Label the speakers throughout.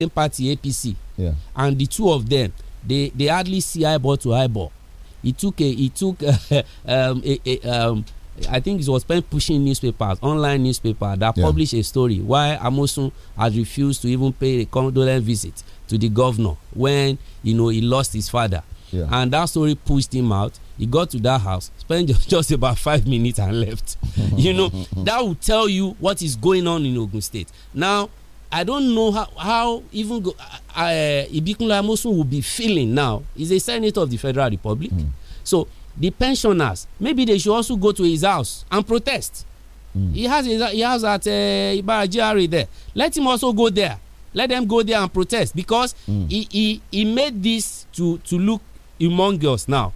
Speaker 1: same party APC yeah. and the two of them they they hardly see eyeball to eyeball He took a he took um, a, a, um, I think he was pen pushing newspapers online newspaper that yeah. published a story why Amosun has refused to even pay a condolence visit to the governor when you know he lost his father yeah. and that story pushed him out he got to that house spent just about five minutes and left you know that will tell you what is going on in Ogun State now I don't know how, how even go, uh, uh Ibikunle Amosun will be feeling now. He's a senator of the Federal Republic. Mm. So the pensioners, maybe they should also go to his house and protest. Mm. He has his, he has at uh, Ibara there. Let him also go there. Let them go there and protest because mm. he, he he made this to to look humongous now,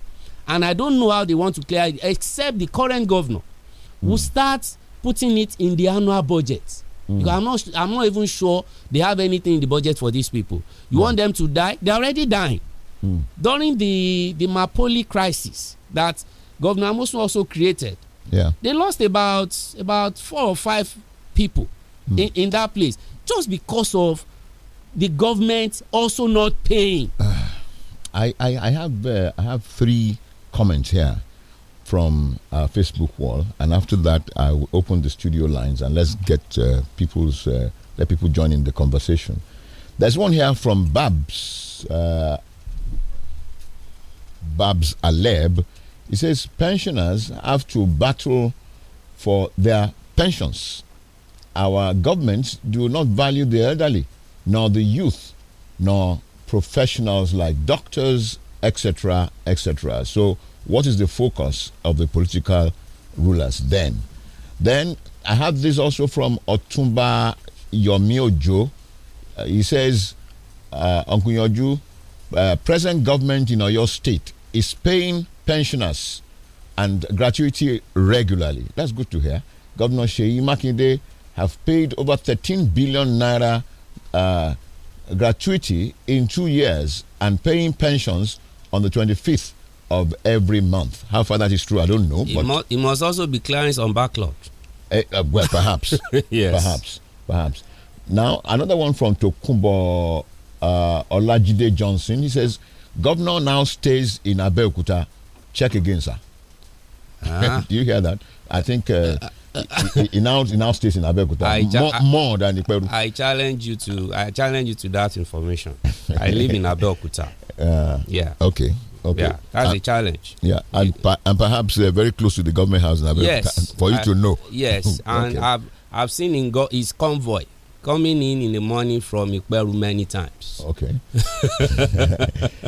Speaker 1: and I don't know how they want to clear it except the current governor mm. will start putting it in the annual budget Mm. I'm not. I'm not even sure they have anything in the budget for these people. You mm. want them to die? They're already dying. Mm. During the the Mapoli crisis that Governor Amosun also created, yeah, they lost about about four or five people mm. in, in that place just because of the government also not paying. Uh,
Speaker 2: I, I I have uh, I have three comments here from our Facebook wall, and after that, I will open the studio lines and let's get uh, people's uh, let people join in the conversation. There's one here from Babs uh, Babs Aleb. He says pensioners have to battle for their pensions. Our governments do not value the elderly, nor the youth, nor professionals like doctors, etc., etc. So what is the focus of the political rulers then? Then I have this also from Otumba Yomi Ojo. Uh, he says, uh, Uncle Yoju, uh, present government in your state is paying pensioners and gratuity regularly. That's good to hear. Governor Sheyi Makinde have paid over 13 billion naira uh, gratuity in two years and paying pensions on the 25th of every month. How far that is true, I don't know. It,
Speaker 1: must, it must also be clients on backlog. Eh, uh, well, perhaps. yes. Perhaps.
Speaker 2: Perhaps. Now, another one from Tokumbo uh, Olajide Johnson. He says, Governor now stays in Abeokuta. Check again, sir. Ah. Do you hear that? I think uh, uh, uh, uh he, he, now, he now stays in Abeokuta more, more, than Iperu.
Speaker 1: I challenge you to I challenge you to that information. I live in Abeokuta.
Speaker 2: Uh, yeah. Okay. Okay. Yeah, that's and,
Speaker 1: a challenge.
Speaker 2: Yeah, and and perhaps very close to the government house now. Yes, for you I, to know. Yes, and
Speaker 1: I've I've seen in go his convoy coming in in the morning from Ikperu many times. Okay.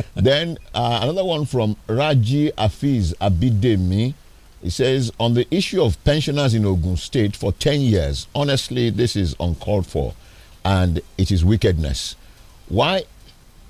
Speaker 2: then uh, another one from Raji Afiz Abidemi. He says, on the issue of pensioners in Ogun State for 10 years, honestly, this is uncalled for and it is wickedness. Why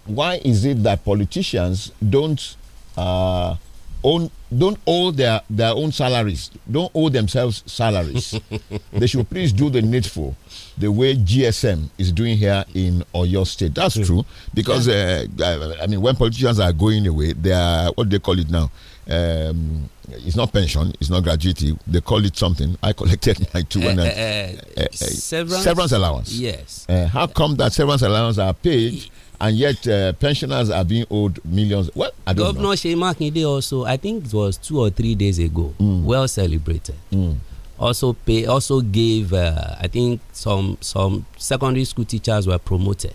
Speaker 2: why is it that politicians don't uh, own don't owe their their own salaries don't owe themselves salaries they should please do the needful the way gsm is doing here in oyo state that's true because yeah. uh, i mean when politicians are going away they are what they call it now um, it's not pension, it's not gratuity. They call it something. I collected my two uh, uh, uh, severance? severance? allowance. Yes. Eh, how come that severance allowance are paid and yet uh, pensioners
Speaker 1: are being owed millions. Well, I don't Governor know. Governor Shemakinde also, I think it was two or three days ago, mm. well celebrated. Mm. Also, pay also gave. Uh, I think some some secondary school teachers were promoted.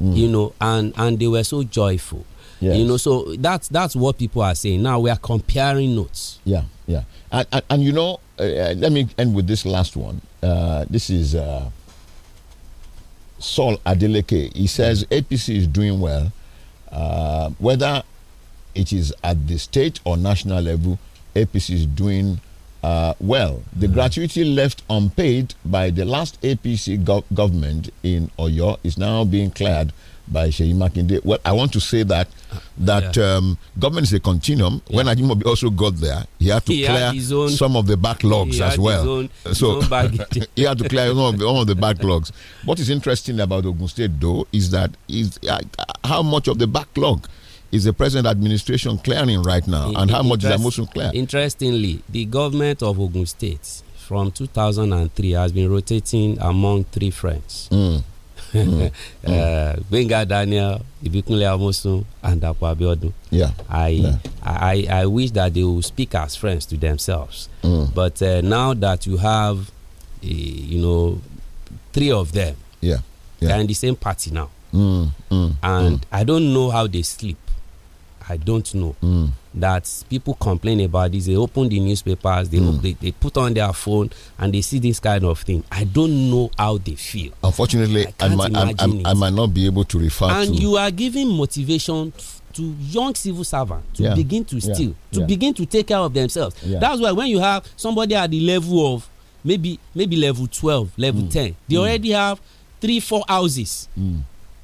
Speaker 1: Mm. You know, and and they were so joyful. Yes. You know, so that's that's what people are saying. Now we are comparing notes. Yeah, yeah, and and, and you know, uh, uh let me end with this last one.
Speaker 2: Uh, this is. Uh, Saul Adeleke. He says APC is doing well. Uh, whether it is at the state or national level, APC is doing uh, well. The mm. gratuity left unpaid by the last APC go government in Oyo is now being cleared by Sheyi Makinde. Well, I want to say that that yeah. um, government is a continuum. Yeah. When Ajimobi also got there, he had to he clear own, some of the backlogs as well. Own, so he had to clear some of, the, of the backlogs. What is interesting about Ogun State, though, is that is uh, how much of the backlog is the present administration clearing right now, in, and in, how much is the motion clear?
Speaker 1: Interestingly, the government of Ogun State from 2003 has been rotating among three friends. Mm mm. uh, eh, Benga Daniel, Ibikunle Amosun, and Dapo Abiodun. Yeah. I, yeah. I, I wish that they will speak as friends to themselves. Mm. But uh, now that you have, uh, you know, three of them,
Speaker 2: yeah, yeah.
Speaker 1: they're in the same party now.
Speaker 2: Mm. mm
Speaker 1: and mm. I don't know how they sleep. I don't know. Mm that people complain about this. They open the newspapers, they, mm. they, they put on their phone, and they see this kind of thing. I don't know how they feel. Unfortunately, I, I, might, I, I might, not be able to refer. And to you are giving motivation to young civil servants to yeah. begin to steal, yeah. to yeah. begin to take care of themselves. That's why when you have somebody at the level of maybe maybe level twelve, level mm. ten, they mm. already have three four houses hmm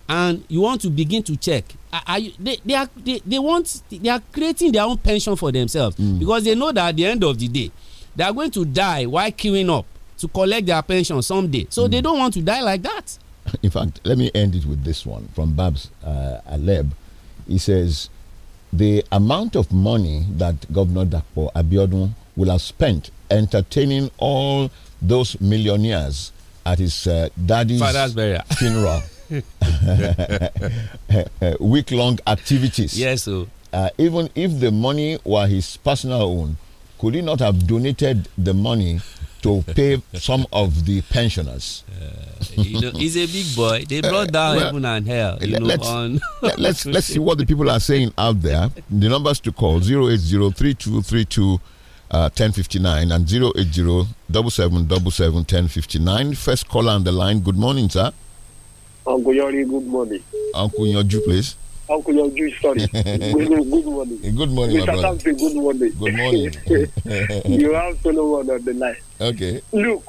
Speaker 1: and you want to begin to check are, you, they, they are they, they want they are creating their own pension for themselves mm. because they know that at the end of the day they are going to die while queuing up to collect their pension someday so mm. they don't want to die like that
Speaker 2: in fact let me end it with this one from babs uh, aleb he says the amount of money that governor dapo abiodun will have spent entertaining all those millionaires at his uh, daddy's funeral week long activities. Yes, sir. Oh. Uh, even if the money were his personal own, could he not have donated the money to pay some of the pensioners? Uh,
Speaker 1: you know, he's a big boy. They uh, brought down well, heaven and hell. You let, know, let's, on let, us let's see
Speaker 2: what the people are saying out there. The numbers to call 080 uh, and 080 1059. First caller on the line. Good morning, sir.
Speaker 3: Uncle Yori, good morning.
Speaker 2: Uncle Yori, please.
Speaker 3: Uncle Yori, sorry. good, good morning. Good morning, Mr. my brother. Samson, good morning. Good morning.
Speaker 2: you
Speaker 4: have Solomon on the line. Okay. Look,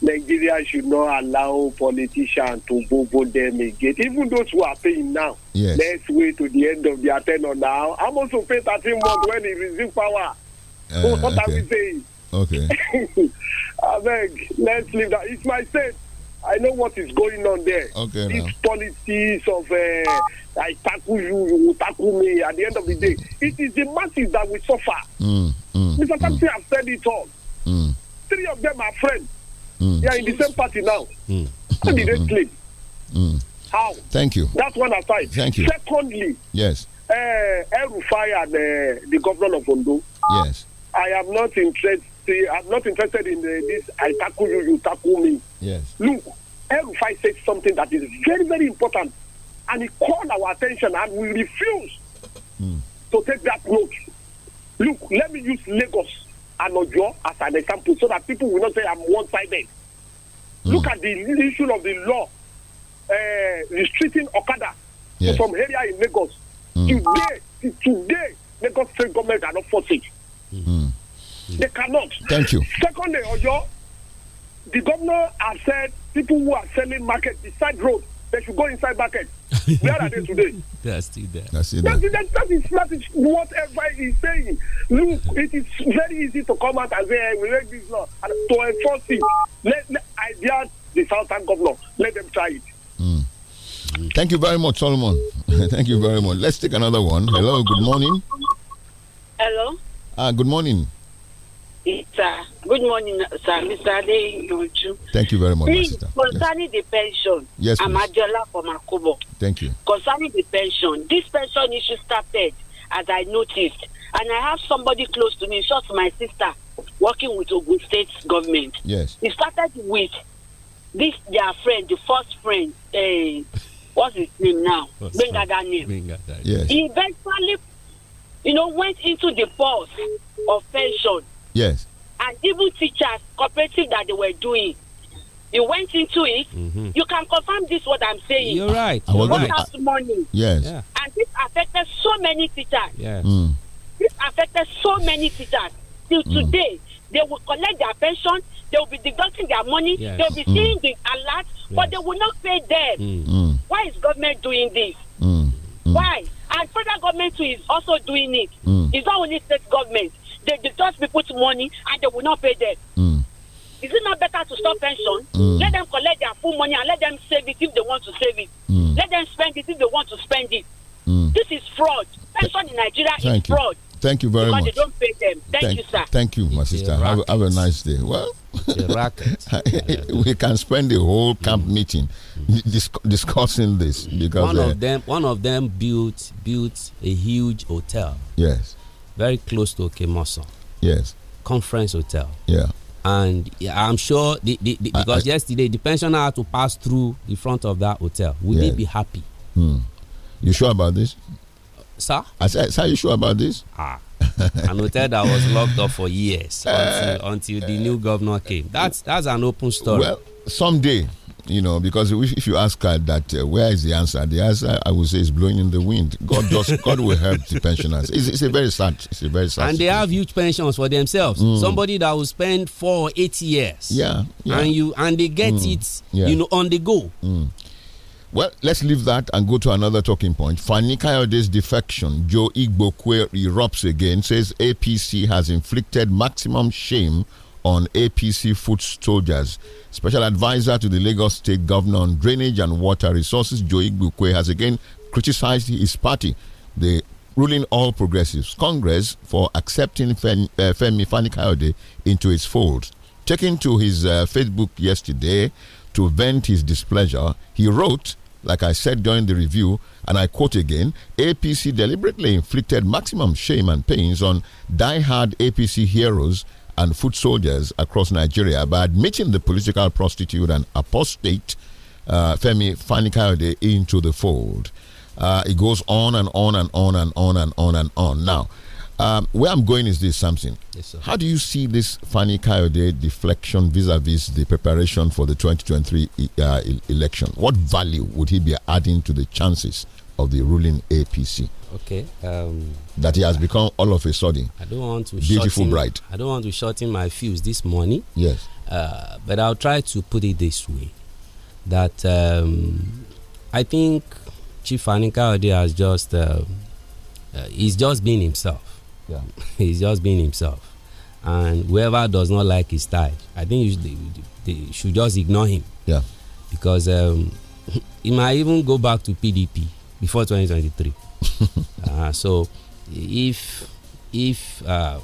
Speaker 4: Nigeria should not allow politicians to bobo them again. Even those who are paying now, yes. let's wait to the end of their tenure now. I'm also paying 13 months when he resumes power. Uh, what okay. are we saying? Okay. I beg, let's leave that. It's my state. I know what is going on there. Okay. These now. policies of uh, I tackle you, you tackle me. At the end of the day, it is the masses that will suffer. Mm, mm, Mr. Tapsi mm. have said it all. Mm. Three of them are friends. Mm. They are in the same party now. Mm. How did they mm. sleep? Mm. How?
Speaker 2: Thank you. That's
Speaker 4: one aside. Thank you. Secondly, yes. Uh, El Rufai and uh, the governor of Ondo. Yes. I am not interested see, I'm not interested in uh, this. I tackle you, you tackle me. Yes. Look, Elfi said something that is very, very important, and he called our attention, and we refuse mm. to take that note. Look, let me use Lagos and Ojo as an example, so that people will not say I'm one-sided. Mm. Look at the issue of the law uh, restricting Okada yes. from area in Lagos. Mm. Today, today, Lagos state government are not forcing. Mm. They cannot. Thank you. Secondly, Ojo, the governor has said people who are selling market beside road, they should go inside market. Where are they today?
Speaker 5: They are still there. That's it. That,
Speaker 4: that, that, is, not what everybody is saying. Look, it is very easy to come out and say, hey, we make this law. And to enforce it, let, let I dare the Southern governor, let them try it. Mm.
Speaker 2: Thank you very much, Solomon. Thank you very much. Let's take another one. Hello, good morning. Hello. Ah, good morning
Speaker 6: sir. Uh, good morning, sir. Mr. Ade Thank you very much, please, Concerning yes. the pension, yes, I'm Adela from Akobo. Thank you. Concerning the pension, this pension issue started as I noticed, and I have somebody close to me, just my sister, working with Ogun State government. Yes. It started with this their friend, the first friend. Uh, what's his name now? Benga that Benga Yes. He eventually, you know, went into the pulse of pension Yes. And even teachers, cooperative that they were doing, you went into it. Mm -hmm. You can confirm this what I'm saying. You're right. I was right. money. Yes. Yeah. And this affected so many teachers. Yes. Mm. This affected so many teachers. Till mm. today, they will collect their pension. They will be deducting their money. Yes. They will be mm. seeing the alert, yes. but they will not pay them. Mm. Mm. Why is government doing this? Why? And federal government too is also doing it. It's not only state government they, they just be put money and they will not pay them. Mm. Is it not better to stop pension? Mm. Let them collect their full money and let them save it if they want to save it. Mm. Let them spend it if they want to spend it. Hmm. This is fraud. Pension in Nigeria Thank is you. fraud.
Speaker 2: Thank you very because much. They don't
Speaker 6: pay them. Thank, thank you, sir. Thank
Speaker 2: you, my it's sister. Have, have, a nice day. Well, we can spend the whole camp hmm. meeting discussing this because one uh, of eh,
Speaker 1: them, one of them built built a huge hotel. Yes very close to Kemoso. Yes. Conference Hotel. Yeah. And I'm sure the, the, the, because I, yesterday the pensioner had to pass through the front of that hotel. Would yes. they be happy?
Speaker 2: Hmm. You sure about this?
Speaker 1: Sir? I said, sir, you sure about this? Ah. an hotel that was locked up for years uh, until, until uh, the new governor came. That's that's an open story. Well, someday
Speaker 2: you know, because if you ask her that, uh, where is the answer? The answer I would say is blowing in the wind. God does,
Speaker 1: God will help the pensioners. It's, it's,
Speaker 2: a very sad. It's a very
Speaker 1: sad. And situation. they have huge pensions for themselves. Mm. Somebody that will spend four eight years. Yeah, yeah. And you and they get mm. it, yeah. you know, on the go.
Speaker 2: Mm. Well, let's leave that and go to another talking point. Fani Kayode's defection, Joe Igbokwe erupts again, says APC has inflicted maximum shame on APC foot soldiers. Special advisor to the Lagos State Governor on Drainage and Water Resources, Joe Igbukwe, has again criticized his party, the ruling All Progressives Congress, for accepting Femi, uh, fani Femi Fanikayode into its fold. Taking to his uh, Facebook yesterday to vent his displeasure, he wrote, like I said during the review, and I quote again APC deliberately inflicted maximum shame and pains on die-hard APC heroes and foot soldiers across Nigeria by admitting the political prostitute and apostate uh, Femi Fanikaude into the fold. Uh, it goes on and on and on and on and on and on. Now, um, where I'm going is this, Something. Yes, How do you see this Fani Kayode deflection vis-a-vis -vis the preparation for the 2023 uh, uh, election? What value would he be adding to the chances of the ruling APC.
Speaker 1: Okay. Um, that he has
Speaker 2: become all of a sudden. I don't want to beautiful bright.
Speaker 1: I don't want to shorten my fuse this morning. Yes. Uh, but I'll try to put it this way, that um, I think Chief Anika Ode has just uh, uh, he's just being himself. Yeah. he's just being himself. And whoever does not like his style, I think should, they, they should just ignore him. Yeah. Because um, he might even go back to PDP before 2023. uh, so if if uh,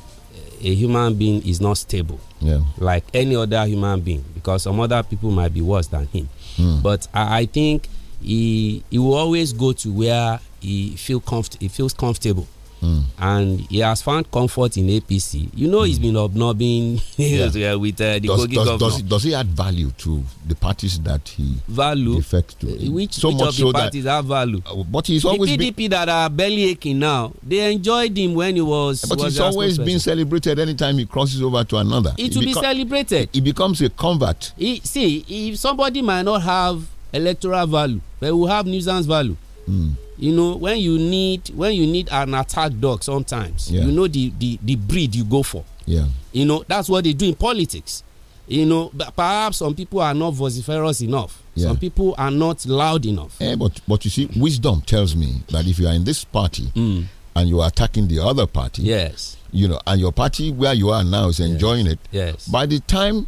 Speaker 1: a human being is not stable, yeah. like any other human being, because some other people might be worse than him, mm. but I, I, think he he will always go to where he feel comfort he feels comfortable. Mm. and he has found comfort in APC. You know, mm. he's been obnobbing yeah. with uh, the does, Kogi does, governor. Does, does, he add value to the parties that he value defects to? Uh, which, so which of the so parties that, have value? Uh, but he's always the PDP that are belly aching now. They enjoyed him when he was. But was he's always been celebrated anytime he crosses over to another. It will be celebrated. He becomes a convert. He, see, if somebody might not have electoral value, but will have nuisance value. Mm you know when you need when you need an attack dog sometimes yeah. you know the, the the breed you go for yeah you know that's what they do in politics you know perhaps some people are not vociferous enough yeah. some people are not loud enough
Speaker 2: yeah, but but you see wisdom tells me that if you are in this party mm. and you are attacking the other party yes you know and your party where you are now is enjoying yes. it yes by the time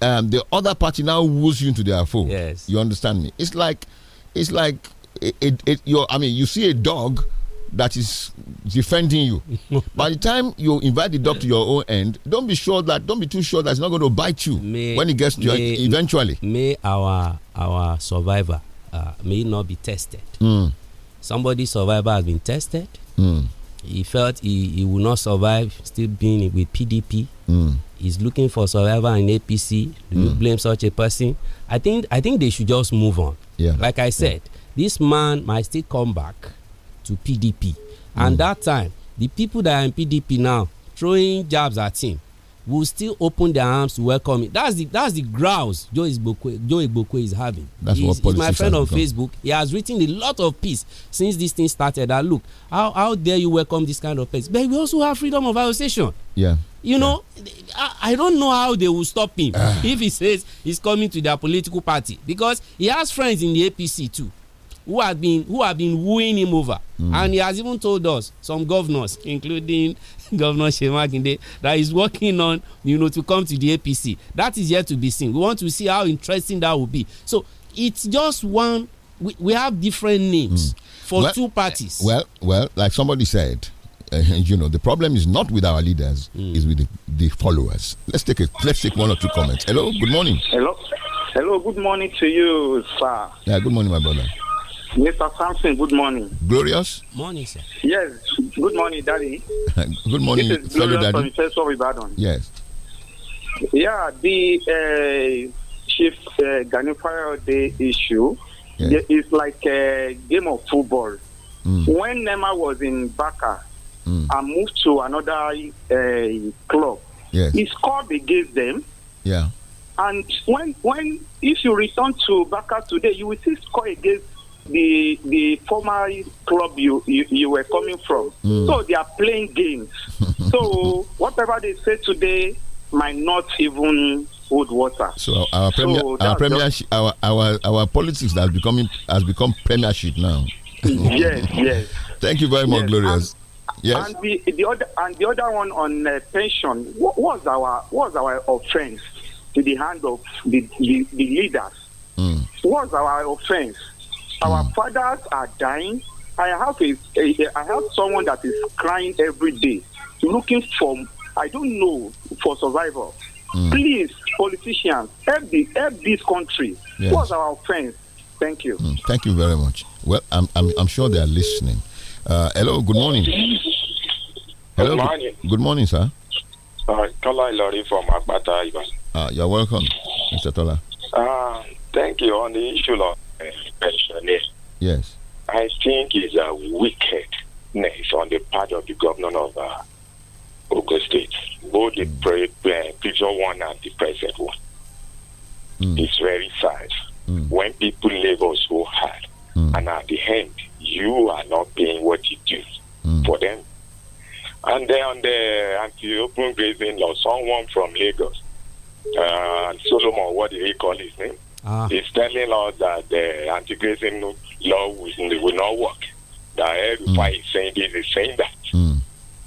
Speaker 2: um, the other party now woos you into their fold yes you understand me it's like it's like it, it, it I mean, you see a dog that is defending you. By the time you invite the dog to your own end, don't be sure that don't be too sure that it's not going to bite you may, when it gets to may,
Speaker 1: your, eventually. May our our survivor uh, may not be tested. Mm. Somebody survivor has been tested. Mm. He felt he, he will not survive still being with PDP. Mm. He's looking for survival in APC. Do mm. you blame such a person? I think I think they should just move on. Yeah. Like I said, yeah. this man might still come back to PDP. And mm. that time, the people that are in PDP now throwing jabs at him will still open their arms to welcome him. That's the that's the grouse Joe Igbokwe, Joe Igbokwe is having. That's he's, what politics He's my friend on become. Facebook. He has written a lot of peace since this thing started. That look, how how dare you welcome this kind of person? But we also have freedom of association. Yeah. You yeah. know, I, I, don't know how they will stop him ah. if he says he's coming to their political party because he has friends in the APC too who have been who have been wooing him over. Mm. And he has even told us some governors, including Governor Shemakinde that is working on, you know, to come to the APC. That is yet to be seen. We want to see how interesting that will be. So it's just one. We, we have different names mm. for well, two parties. Well,
Speaker 2: well, like somebody said, uh, you know, the problem is not with our leaders, mm. is with the, the, followers. Let's take a, let's take one or two comments. Hello, good morning.
Speaker 7: Hello, hello, good morning to you, sir.
Speaker 2: Yeah, good morning, my brother.
Speaker 7: Mr. Sampson, good morning. Glorious? Morning, sir. Yes, good morning, Daddy.
Speaker 2: good morning, this is Glorious Daddy.
Speaker 7: From Ibadan. Yes. Yeah, the uh, Chief uh, Ganifayo Day issue yes. is like a game of football. Mm. When Nema was in Baka mm. moved to another uh, club, yes. he scored against them. Yeah. And when when if you return to Baka today, you will still score against the the former club you you, you were coming from. Mm. So they are playing games. so whatever they say today might not even hold water. So our premier, so our premiership,
Speaker 2: our our our politics has becoming has become premiership now.
Speaker 7: yes, yes. Thank
Speaker 2: you very much, yes, glorious. And,
Speaker 7: yes. And the, the other and the other one on uh, pension. What was our what was our offense to the hand of
Speaker 3: the the,
Speaker 7: the leaders? Mm. What was our offense? Our hmm. fathers are dying. I have a, a, I have someone that is crying every day, looking for I don't know for survival. Mm. Please, politicians, help this, help this country. Yes. What's our offense? Thank you.
Speaker 2: Mm. Thank you very much. Well, I'm I'm, I'm sure they are listening. Uh, hello, good morning. Hello, good morning. Good, good morning, sir.
Speaker 3: Uh, Tola from Akbata, Ivan.
Speaker 2: Ah, you're welcome, Mr. Tola.
Speaker 3: Uh, thank you on the issue Lord pensioners. Yes. I think it's a wickedness on the part of the governor of uh, State, both the mm. Uh, previous one and the present one. Mm. It's very sad mm. when people labor so hard, mm. and at the end, you are not paying what you do mm. for them. And then on the anti-open grazing law, someone from Lagos, uh, Solomon, what do he call his name? Ah. telling us that the anti-grazing law will, will not work. That everybody mm. is saying this, is saying that. Mm.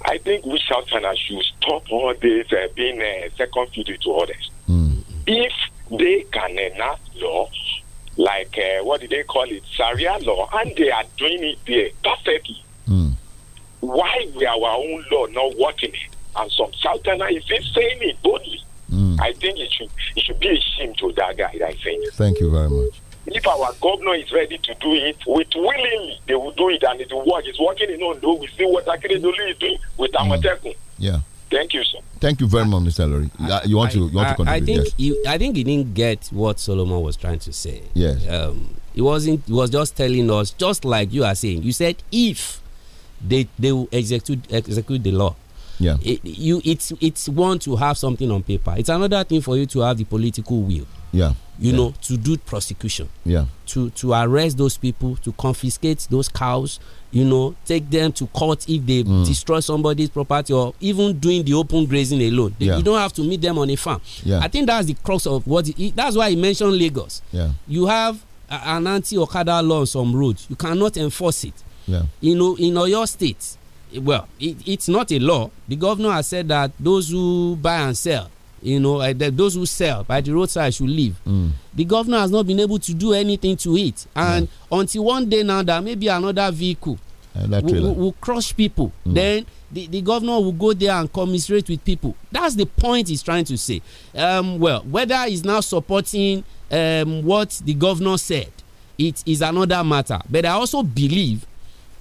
Speaker 3: I think we Southerners should stop all this uh, being uh, second fiddle to others. Mm. If they can enact law, like uh, what do they call it, Sharia law, and they are doing it there perfectly, mm. why we our own law not working And some Southerners is saying it boldly. Mm. I think it should it should be a shame to that guy. I think. Thank you very much. If our governor is ready to do it with willingly, they will do it and it will work. It's working in Ondo. We see what Akeredolu is doing with mm. Amateku. Yeah. Thank you, sir.
Speaker 1: Thank you very much, Mr. Lori. You want I, to you want I, to contribute? I think yes. he, I think he didn't get what Solomon was trying to say. Yes. Um, he wasn't. He was just telling us, just like you are saying. You said if they they will execute execute the law yeah. It, you it's it's one to have something on paper. It's another thing for you to have the political will. Yeah. You yeah. know, to do prosecution. Yeah. To to arrest those people, to confiscate those cows, you know, take them to court if they mm. destroy somebody's property or even doing the open grazing alone. They, yeah. You don't have to meet them on a farm. Yeah. I think that's the crux of what he, that's why I mentioned Lagos. Yeah. You have an anti-Okada law on some roads. You cannot enforce it. Yeah. You know, in your State, well, it, it's not a law. The governor has said that those who buy and sell, you know, uh, those who sell by the roadside should leave. Mm. The governor has not been able to do anything to it. And mm. until one day now, there may be another vehicle uh, will, will crush people. Mm. Then the, the governor will go there and commiserate with people. That's the point he's trying to say. Um, well, whether he's now supporting um, what the governor said, it is another matter. But I also believe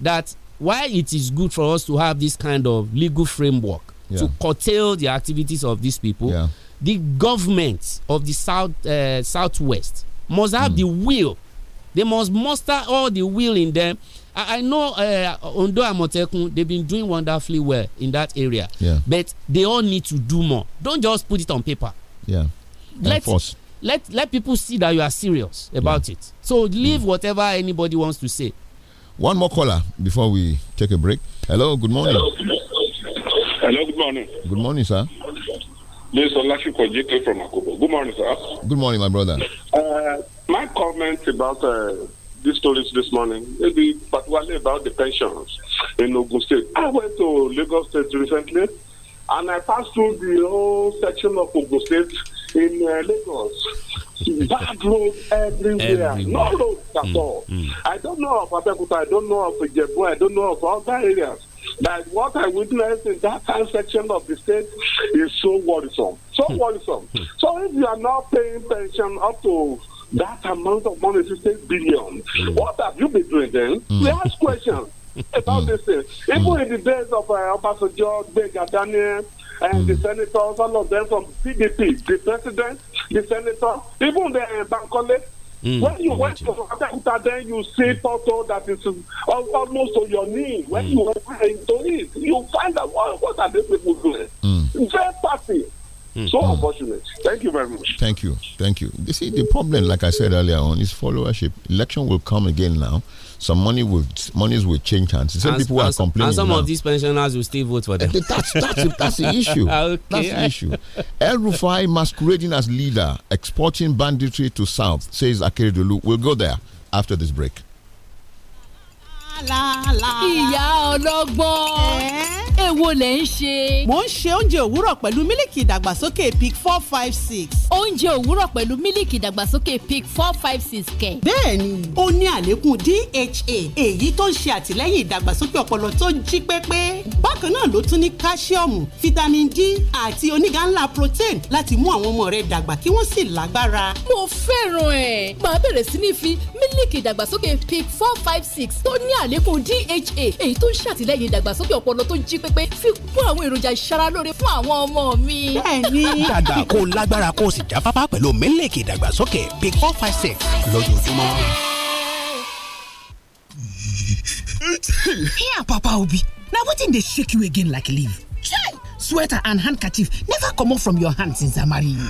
Speaker 1: that why it is good for us to have this kind of legal framework yeah. to curtail the activities of these people, yeah. the government of the south uh, southwest must have mm. the will. They must muster all the will in them. I, I know uh, Ondo Amotekun, they've been doing wonderfully well in that area. Yeah. But they all need to do more. Don't just put it on paper.
Speaker 2: Yeah. Let,
Speaker 1: let let people see that you are serious about it. So leave mm. whatever anybody wants to say one more caller
Speaker 2: before we take a break. Hello, good morning.
Speaker 4: Hello, good morning.
Speaker 2: Good morning, sir.
Speaker 4: This is Olashiko JK from Akobo. Good morning, sir.
Speaker 2: Good morning, my brother.
Speaker 4: Uh, my comment about uh, these stories this morning, maybe particularly about the pensions in Ogun State. I went to Lagos State recently, and I passed through the whole section of Ogun State in uh, Lagos. Bad roads everywhere. No roads at mm. all. Mm. I don't know of Abeokuta, I don't know of Ijebu, I don't know of other areas. but what I witnessed in that section of the state is so worrisome. So hmm. worrisome. Hmm. So if you are not paying pension up to that amount of money, 16 billion, mm. what have you been doing then? Mm. We ask questions about hmm. this thing. Even in the days of uh, George Baker, Daniel, and the hmm. senators, all of them from PDP, the president, the senator, even the uh, Bankole. Mm, when you oh, went to Abeokuta, then you see Toto that is almost on your knee. When mm. you went into it, you find out what, are these people doing? Mm. Very party. Mm. So hmm. unfortunate. Thank you very much.
Speaker 2: Thank you. Thank you. You see, the problem, like I said earlier on, is followership. Election will come again now some money would monies will change hands. Some and, people and, are complaining. And some now. of
Speaker 1: these pensioners will still vote for them. That's that's a, that's the issue. Ah, okay. That's the issue.
Speaker 2: El Rufai masquerading as leader, exporting banditry to South, says Dulu. We'll go there after this break.
Speaker 6: ìyá ọlọ́gbọ́n èwo lẹ̀ ń ṣe. mo ń ṣe oúnjẹ òwúrọ̀ pẹ̀lú mílìkì
Speaker 8: ìdàgbàsókè pic four five six. oúnjẹ òwúrọ̀ pẹ̀lú mílìkì ìdàgbàsókè pic four five six
Speaker 6: kẹ̀. bẹ́ẹ̀ni ó ní àlékún DHA èyí tó ń ṣe àtìlẹ́yìn ìdàgbàsókè ọpọlọ tó jí pépé bákan náà ló tún ní káṣíọ̀mù fítámìn D àti oníga ńlá protein láti mú àwọn ọmọ rẹ dàgbà kí wọ́n sì lágbára.
Speaker 9: mo fẹ́ràn ẹ̀
Speaker 6: máa bẹ̀rẹ̀
Speaker 8: sí ní fi four five six tó àlékún DHA èyí tó ń ṣàtìlẹ́yìn ìdàgbàsókè ọpọlọ tó jí pépé fi kún àwọn èròjà ìṣaralóore fún àwọn ọmọ mi. bẹ́ẹ̀ni.
Speaker 10: dàgbà kó lágbára kó sì jáfáfá pẹ̀lú mílíkì ìdàgbàsókè big four five six
Speaker 11: lójoojúmọ́. Here, Papa Obi. Now, what in they shake you again like leaf? Sweater and handkerchief never come off from your hands since I married you.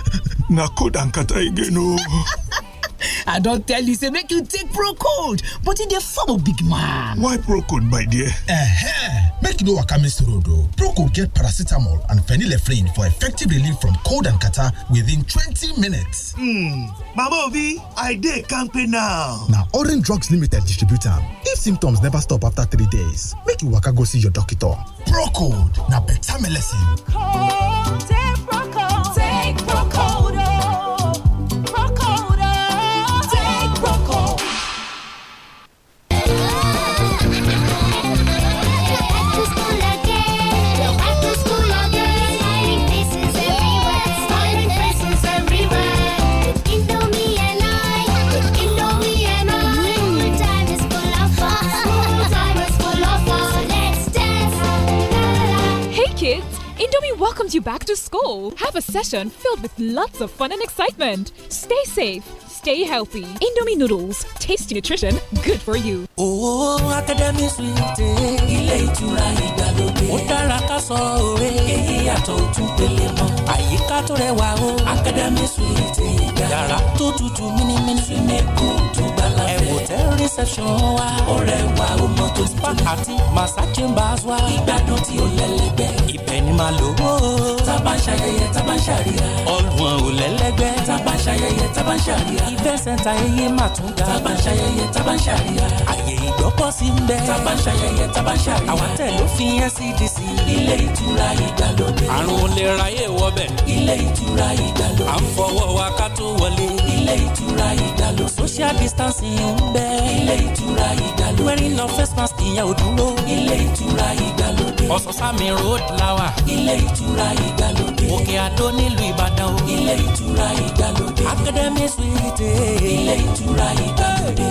Speaker 12: Na cold and kata again, oh.
Speaker 11: i don't tell you say make you take procold but in the form of big man
Speaker 12: why procold my dear?
Speaker 10: eh make you no waka miss soro o procold get paracetamol and phenylephrine for effective relief from cold and catarrh within 20
Speaker 5: minutes hmm mama Ovi, i dey pay now
Speaker 10: Now orange drugs limited Distributor. if symptoms never stop after three days make you waka go see your doctor procold na beta melecine
Speaker 8: to school. Have a session filled with lots of fun and excitement. Stay safe, stay healthy. Indomie
Speaker 9: noodles, tasty nutrition, good for you. Oh, Academy Suite. Ilé ìtura ìgbàlódé. Ó dára ká sọ òwe. Èyí yàtọ̀ ojú pele mọ́. Àyíká tó rẹwà o. Academy Suite ìgbà. Yàrá tó tutù mímímí. Súnmẹ́kù tó gbàlá fẹ́. Ẹ̀wòtẹ́ reception wa. Ó rẹwà ó mọ́ tó ti Spa àti massage chambers wa. Ìgbádùn tí ó lẹ́lẹ́gbẹ́ ibẹ̀ ni màá lò ó. tábà ń ṣayẹyẹ tábà ń ṣàríyá. ọlùwọ̀n ò lẹ́lẹ́gbẹ́. tábà ń ṣayẹyẹ tábà ń ṣàríyá. ìfẹ́ sẹ́ńtà ẹyẹ mà tún ga. tábà ń ṣayẹyẹ tábà ń ṣàríyá. àyè ìgbọ́kọ̀ sí ń bẹ. tábà ń ṣayẹyẹ tábà ń ṣàríyá. àwọn tẹ̀ ló fi NCDC. E ilé ìtura ìgbàlódé. àrùn olè ráyè wọbẹ̀. ilé ìtura ìgbàlódé. à ń fọwọ́ wa ká tó wọlé ilé ìtura ìdàlódé. social distancing ń bẹ. ilé ìtura ìdàlódé. wearing no face mask ìyẹn ò ilé ìtura ìdàlódé. ọ̀sán-sámi road lawa. ilé ìtura ìdàlódé. òkè àdó nílùú ìbàdàn o. ilé ìtura ìdàlódé. academy suite. ilé ìtura ìdàlódé.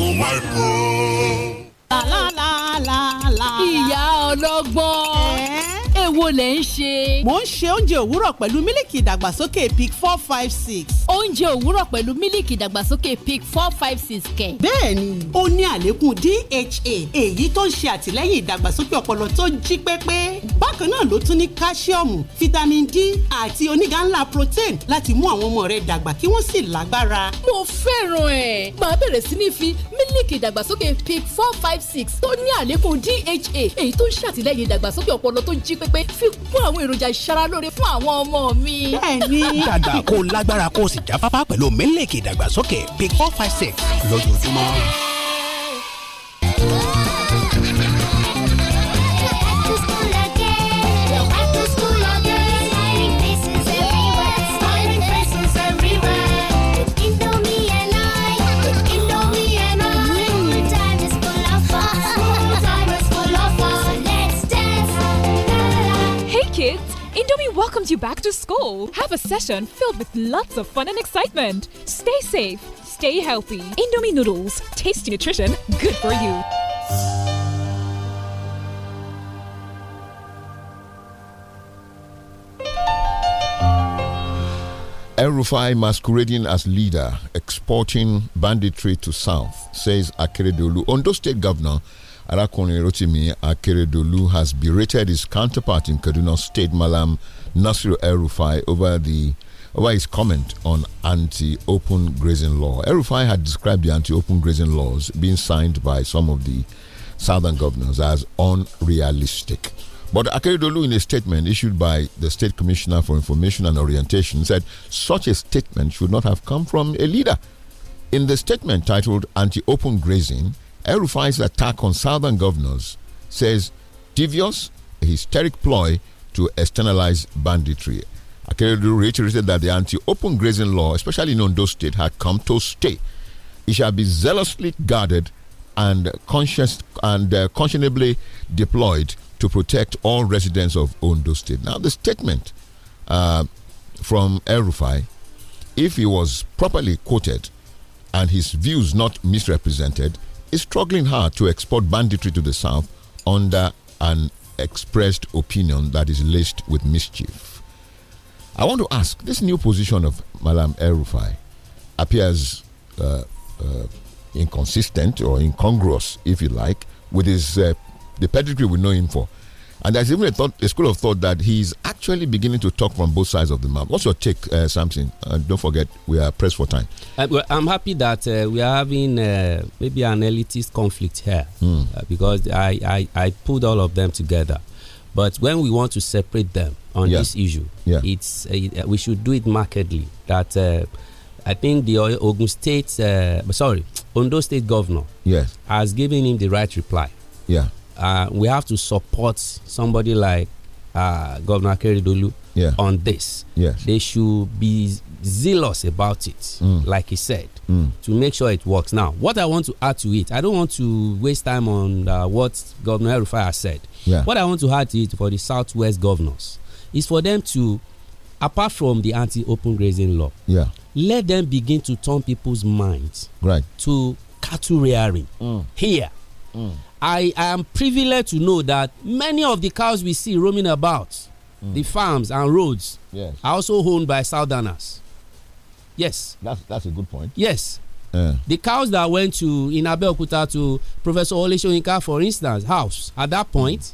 Speaker 6: Marco ìyá ọlọ́gbọ́n eh? èwo lẹ̀ ń ṣe. mo ń ṣe oúnjẹ òwúrọ̀ pẹ̀lú mílìkì ìdàgbàsókè pic four five six. oúnjẹ
Speaker 8: òwúrọ̀ pẹ̀lú mílìkì ìdàgbàsókè pic four five six kẹ̀.
Speaker 6: bẹ́ẹ̀ni ó ní àlékún DHA èyí tó ń ṣe àtìlẹ́yìn ìdàgbàsókè ọpọlọ tó jí pépé. bákan náà ló tún ní káṣíọ̀mù fítámìn D àti oníga ńlá protein láti mú àwọn ọmọ rẹ dàgbà kí wọ́n sì lágbára.
Speaker 8: mo fẹ́ràn ẹ̀ máa bẹ̀rẹ̀ sí ní fi four five five six tó ní àlékún dha èyí tó ń ṣàtìlẹ́yìn ìdàgbàsókè ọpọlọ tó jí pépé fi kún àwọn èròjà ìṣaralóore fún àwọn ọmọ mi. bẹ́ẹ̀ni dàgbà kó
Speaker 10: lágbára kó o sì jáfáfá pẹ̀lú mílíkì ìdàgbàsókè big four five six lójoojúmọ́.
Speaker 8: welcomes you back to school. Have a session filled with lots of fun and excitement. Stay safe, stay healthy. Indomie noodles, tasty nutrition, good for you.
Speaker 2: Erufai masquerading as leader, exporting banditry to South, says Akeredolu. Ondo State Governor Arakunrin Rotimi Akeredolu has berated his counterpart in Kaduna State, Malam Nasir El Rufai over the over his comment on anti-open grazing law. El Rufai had described the anti-open grazing laws being signed by some of the southern governors as unrealistic. But Akeredolu, in a statement issued by the State Commissioner for Information and Orientation, said such a statement should not have come from a leader. In the statement titled Anti Open Grazing, Erufai's attack on southern governors says devious, hysteric ploy to externalize banditry. Akeredolu reiterated that the anti-open grazing law, especially in Ondo State, had come to stay. It shall be zealously guarded and conscious and uh, conscionably deployed to protect all residents of Ondo State. Now, the statement uh, from Erufai, if he was properly quoted and his views not misrepresented, is struggling hard to export banditry to the south under an expressed opinion that is laced with mischief. I want to ask this new position of Malam Erufai appears uh, uh, inconsistent or incongruous, if you like, with his uh, the pedigree we know him for. And there's even a, thought, a school of thought that he's actually beginning to talk from both sides of the mouth. What's your take, uh, Samson? Uh, don't forget, we are pressed for time.
Speaker 1: Uh, well, I'm happy that uh, we are having uh, maybe an elitist conflict here mm. because I, I, I put all of them together. But when we want to separate them on yeah. this issue, yeah. it's uh, we should do it markedly. That I think the Ogun State, sorry, Ondo State governor yes. has given him the right reply. Yeah uh, we have to support somebody like uh, Governor Keridolu yeah. on this. Yes. They should be zealous about it, mm. like he said, mm. to make sure it works. Now, what I want to add to it, I don't want to waste time on uh, what Governor Erufai has said. Yeah. What I want to add to it for the Southwest governors is for them to, apart from the anti open grazing law, yeah. let them begin to turn people's minds right. to cattle rearing mm. here. Mm. I, I am privileged to know that many of the cows we see roaming about mm. the farms and roads yes. are also owned by southerners. Yes. That's that's a good point. Yes. Yeah. The cows that went to in Abeokuta to Professor Oleshoyinka, for instance, house at that point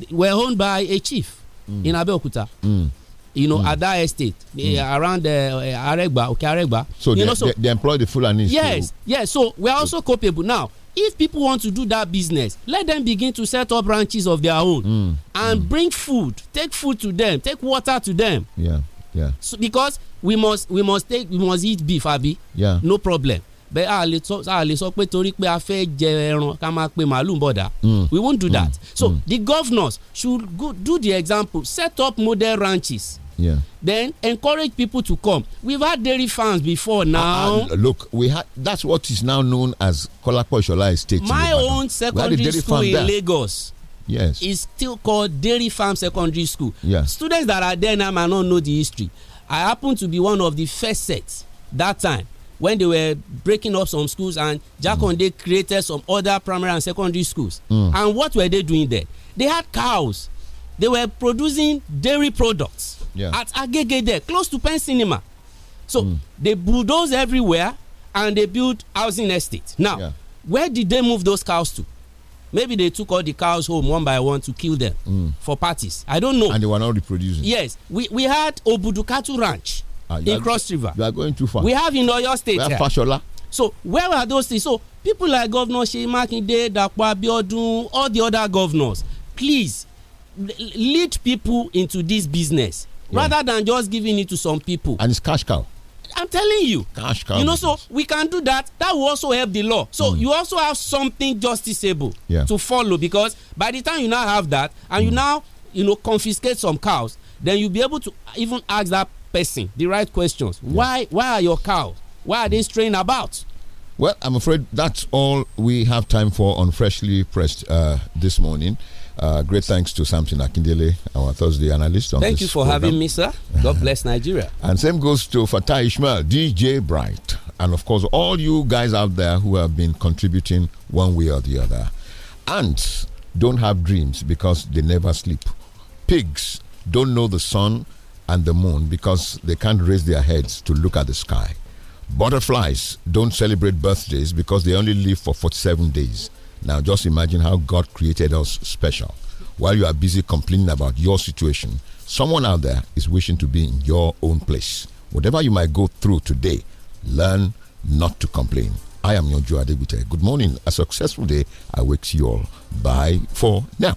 Speaker 1: mm. were owned by a chief mm. in Abeokuta. Mm. You know, mm. at that estate uh, around the uh, Aregba, okay, Aregba. So you they, know, so they, they employ the Fulanis. Yes, to, yes. So we are also culpable now if people want to do that business let them begin to set up branches of their own mm, mm. and mm. bring food take food to them take water to them
Speaker 2: yeah yeah
Speaker 1: so because we must we must take we must eat beef abi yeah no problem but a lè sọ a lè sọ pé torí pé a fẹ́ jẹ ẹran ká máa pe màálù bọ̀dà mm, we won't do mm, that so the governors should go do the example set up model ranches yeah. Then encourage people to come. We've had dairy farms before now. Uh, uh, look, we had that's what is now known as Kolapo Estate. My own secondary school in Lagos. Yes. Is still called Dairy Farm Secondary School. Yeah. Students that are there now might not know the history. I happen to be one of the first sets that time when they were breaking up some schools and Jakonde mm. created some other primary and secondary schools. Mm. And what were they doing there? They had cows. They were producing dairy products yeah. at Agege there, close to Penn Cinema. So mm. they bulldoze everywhere and they build housing estates. Now, yeah. where did they move those cows to? Maybe they took all the cows home one by one to kill them mm. for parties. I don't know. And they were not reproducing. Yes. We, we had Obudukatu Ranch ah, in are, Cross River. You are going too far. We have in Oyo State. We have Fashola. So where are those things? So people like Governor Shea Makinde, Dakwa Biodun, all the other governors, please lead people into this business rather than just giving it to some people. And it's cash cow. I'm telling you. Cash cow. You know, so we can do that. That will also help the law. So mm. you also have something justiciable yeah. to follow because by the time you now have that and mm. you now, you know, confiscate some cows, then you'll be able to even ask that person the right questions. Yeah. Why why are your cows? Why are they straying about?
Speaker 2: Well, I'm afraid that's all we have time for on Freshly Pressed uh, this morning. Uh, great thanks to Samson Akindele, our Thursday analyst. Thank you for program. having me,
Speaker 1: sir. God bless Nigeria.
Speaker 2: and same goes to Fatah Ishmael, DJ Bright, and of course, all you guys out there who have been contributing one way or the other. Ants don't have dreams because they never sleep. Pigs don't know the sun and the moon because they can't raise their heads to look at the sky. Butterflies don't celebrate birthdays because they only live for 47 days. Now, just imagine how God created us special. While you are busy complaining about your situation, someone out there is wishing to be in your own place. Whatever you might go through today, learn not to complain. I am your Joe Adebute. Good morning. A successful day awaits you all. Bye for now.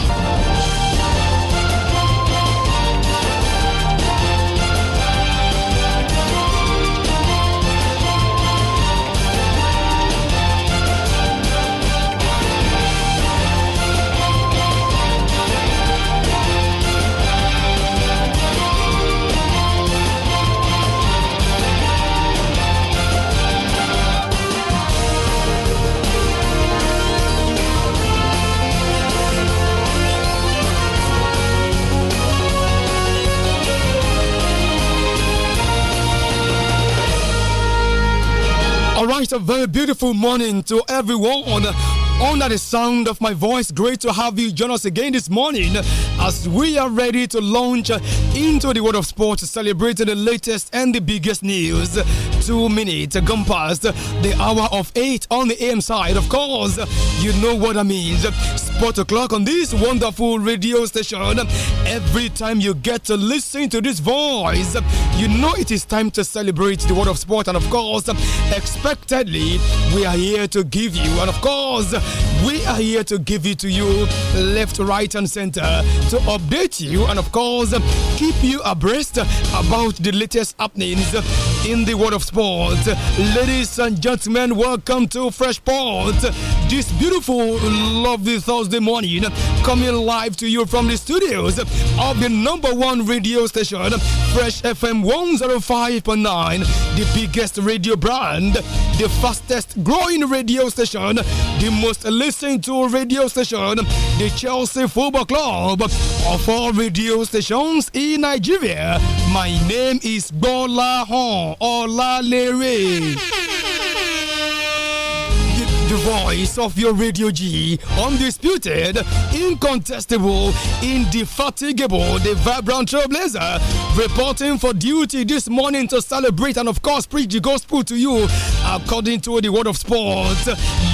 Speaker 13: Right, a very beautiful morning to everyone. Under the sound of my voice, great to have you join us again this morning as we are ready to launch into the world of sports, celebrating the latest and the biggest news. Two minutes gone past the hour of eight on the AM side. Of course, you know what I mean. Sport o'clock on this wonderful radio station. Every time you get to listen to this voice, you know it is time to celebrate the world of sport. And of course, expectedly, we are here to give you, and of course, we are here to give it to you left, right, and center to update you and, of course, keep you abreast about the latest happenings in the world of sport. Ladies and gentlemen, welcome to Fresh Port this beautiful, lovely Thursday morning, coming live to you from the studios of the number one radio station, Fresh FM 105.9, the biggest radio brand, the fastest growing radio station, the most listened to radio station, the Chelsea Football Club of all radio stations in Nigeria. My name is Bola Hon Olalere the voice of your Radio G, undisputed, incontestable, indefatigable, the vibrant trailblazer, reporting for duty this morning to celebrate and, of course, preach the gospel to you according to the word of sport.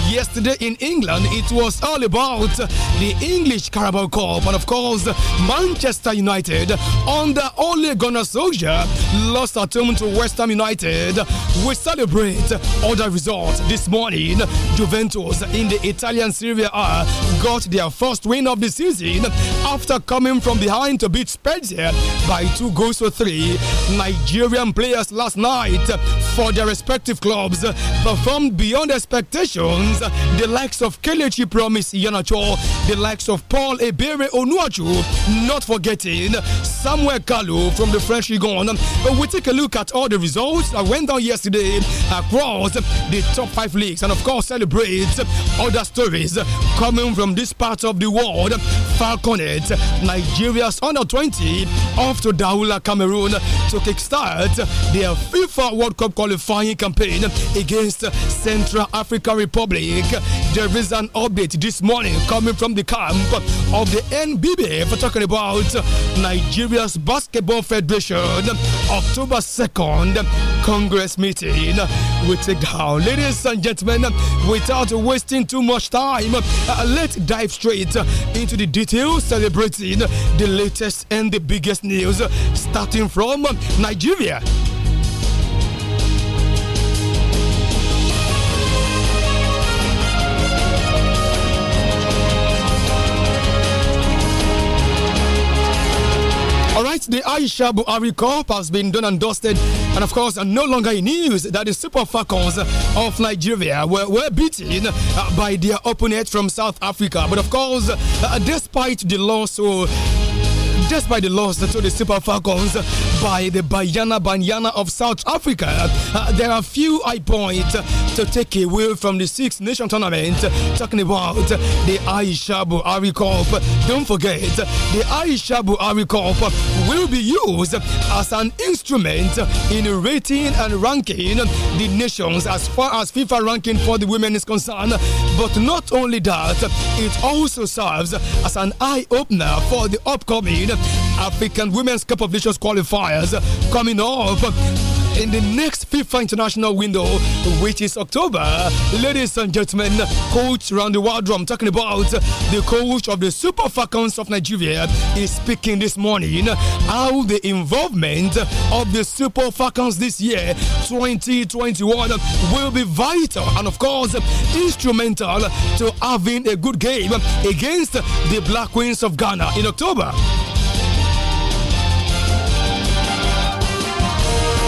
Speaker 13: Yesterday in England, it was all about the English Carabao Cup. And of course, Manchester United under Ole Gunnar Solskjaer lost at home to West Ham United. We celebrate other results this morning. Juventus in the Italian Serie A got their first win of the season after coming from behind to beat Spezia by two goals to three. Nigerian players last night for their respective clubs performed beyond expectations the likes of Kelechi Promise Iheanacho, the likes of Paul Ebere Onuachu, not forgetting Samuel Kalu from the French League But We take a look at all the results that went down yesterday across the top five leagues and, of course, celebrate other stories coming from this part of the world. Falconet, Nigeria's under 20, off to Daula, Cameroon to kickstart their FIFA World Cup qualifying campaign against Central African Republic week, there is an update this morning coming from the camp of the NBB for talking about Nigeria's Basketball Federation October 2nd Congress meeting. We take down, ladies and gentlemen, without wasting too much time, uh, let's dive straight into the details celebrating the latest and the biggest news starting from Nigeria. the Aisha Buhari Cup has been done and dusted. And of course, no longer in news that the Super Falcons of Nigeria were, were beaten by their opponent from South Africa. But of course, uh, despite the loss, so despite the loss to the Super Falcons by the Bayana Banyana of South Africa, uh, there are few high points to take away from the Six Nation Tournament. Talking about the Aishabu Ari Cup. Don't forget, the Aishabu Ari Cup will be used as an instrument in rating and ranking the nations as far as FIFA ranking for the women is concerned. But not only that, it also serves as an eye opener for the upcoming African Women's Cup of Nations qualifiers coming up in the next FIFA international window, which is October. Ladies and gentlemen, coach I'm talking about the coach of the Super Falcons of Nigeria is speaking this morning how the involvement of the Super Falcons this year 2021 will be vital and of course instrumental to having a good game against the Black Queens of Ghana in October.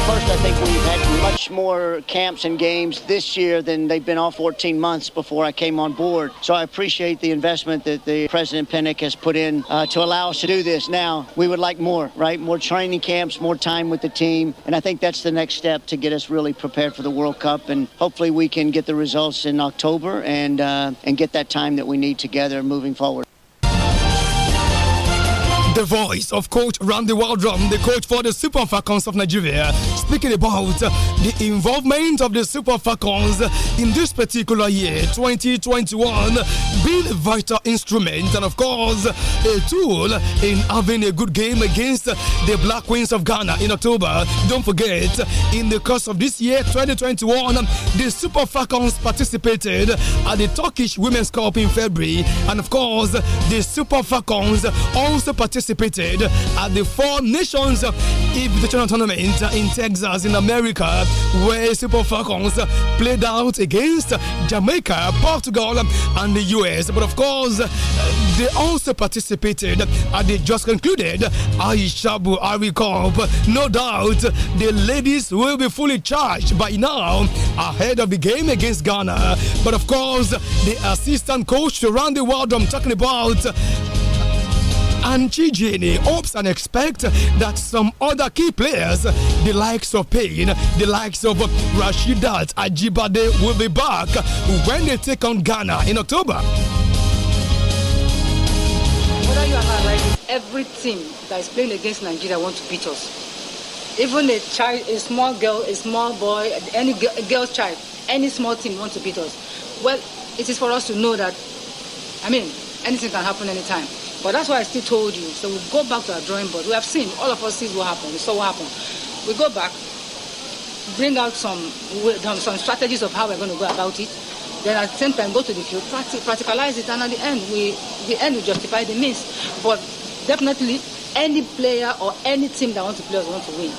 Speaker 6: First, I think we've had much more camps and games this year than they've been all 14 months before I came on board. So I appreciate the investment that the President Pinnock has put in uh, to allow us to do this. Now, we would like more, right? More training camps, more time with the team. And I think that's the next step to get us really prepared for the World Cup. And hopefully we can get the results in October and, uh, and get that time that we need together moving forward.
Speaker 13: The voice of coach Randy Waldron, the coach for the Super Falcons of Nigeria, speaking about the involvement of the Super Falcons in this particular year, 2021, being a vital instrument and, of course, a tool in having a good game against the Black Queens of Ghana in October. Don't forget, in the course of this year, 2021, the Super Falcons participated at the Turkish Women's Cup in February, and, of course, the Super Falcons also participated participated at the Four Nations Invitational Tournament in Texas, in America, where Super Falcons played out against Jamaica, Portugal, and the US. But of course, they also participated at the just concluded Aishabu Ari Cup. No doubt, the ladies will be fully charged by now ahead of the game against Ghana. But of course, the assistant coach to Randy Waldom talking about and Chijini hopes and expects that some other key players, the likes of Payne, the likes of Rashidat Ajibade, will be back when they take on Ghana in October.
Speaker 14: Whether you are right, every team that is playing against Nigeria want to beat us. Even a child, a small girl, a small boy, any girl's child, any small team want to beat us. Well, it is for us to know that, I mean, anything can happen anytime. But that's why I still told you. So we go back to our drawing board. We have seen, all of us see what happened. We saw what happened. We go back, bring out some, some strategies of how we're going to go about it. Then at the same time, go to the field, practicalize it, and at the end, we, the end will justify the means. But definitely, any player or any team that wants to play us want to win.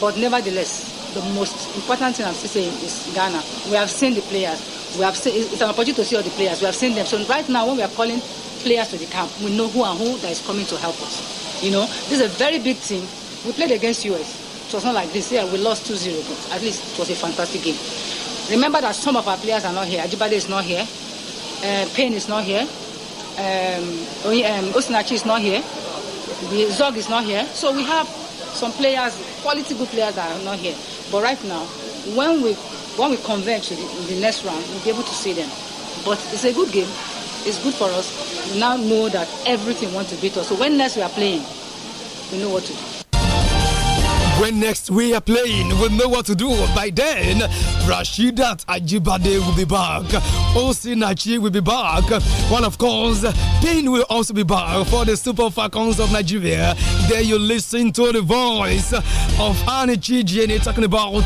Speaker 14: But nevertheless, the most important thing I'm still saying is Ghana. We have seen the players. We have seen, it's an opportunity to see all the players. We have seen them. So right now, when we are calling players to the camp. We know who and who that is coming to help us. You know, this is a very big team. We played against US. It was not like this. Yeah, we lost 2-0, but at least it was a fantastic game. Remember that some of our players are not here. Ajibade is not here. Uh, Payne is not here. Um, um Osinachi is not here. Zog is not here. So we have some players, quality good players that are not here. But right now, when we when we converge in the next round, we'll be able to see them. But it's a good game it's good for us. We now know that everything wants to beat us. So when next we are playing, we know what to do.
Speaker 13: When next we are playing, we'll know what to do. By then, Rashidat Ajibade will be back. Osi Nachi will be back. Well, of course, Pain will also be back for the Super Falcons of Nigeria. There you listen to the voice of Anichi Jenny talking about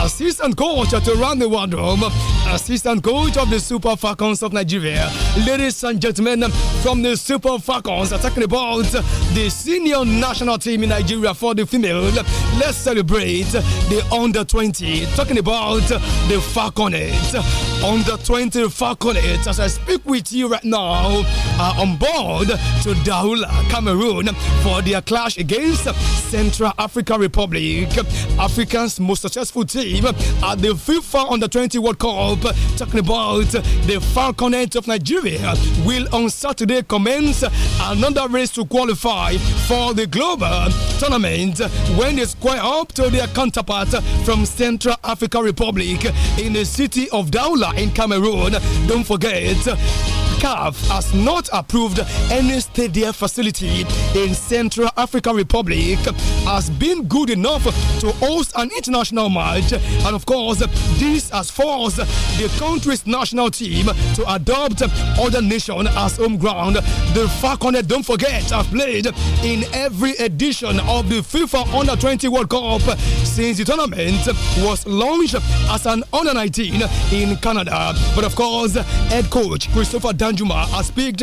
Speaker 13: assistant coach at Around the World Room, assistant coach of the Super Falcons of Nigeria. Ladies and gentlemen, from the Super Falcons, talking about the senior national team in Nigeria for the female. Let's celebrate the under 20. Talking about the Falconet. Under 20 Falconet, as I speak with you right now, are on board to Daula, Cameroon, for their clash against Central African Republic, Africa's most successful team at the FIFA Under 20 World Cup. Talking about the Falconet of Nigeria, will on Saturday commence another race to qualify for the global tournament when it's square up to their counterpart from Central African Republic in the city of Daula in Cameroon. Don't forget, CAF has not approved any stadium facility in Central African Republic has been good enough to host an international match and of course this has forced the country's national team to adopt other nation as home ground the Falcons don't forget have played in every edition of the FIFA Under 20 World Cup since the tournament was launched as an under 19 in Canada. But of course, head coach Christopher Danjuma has picked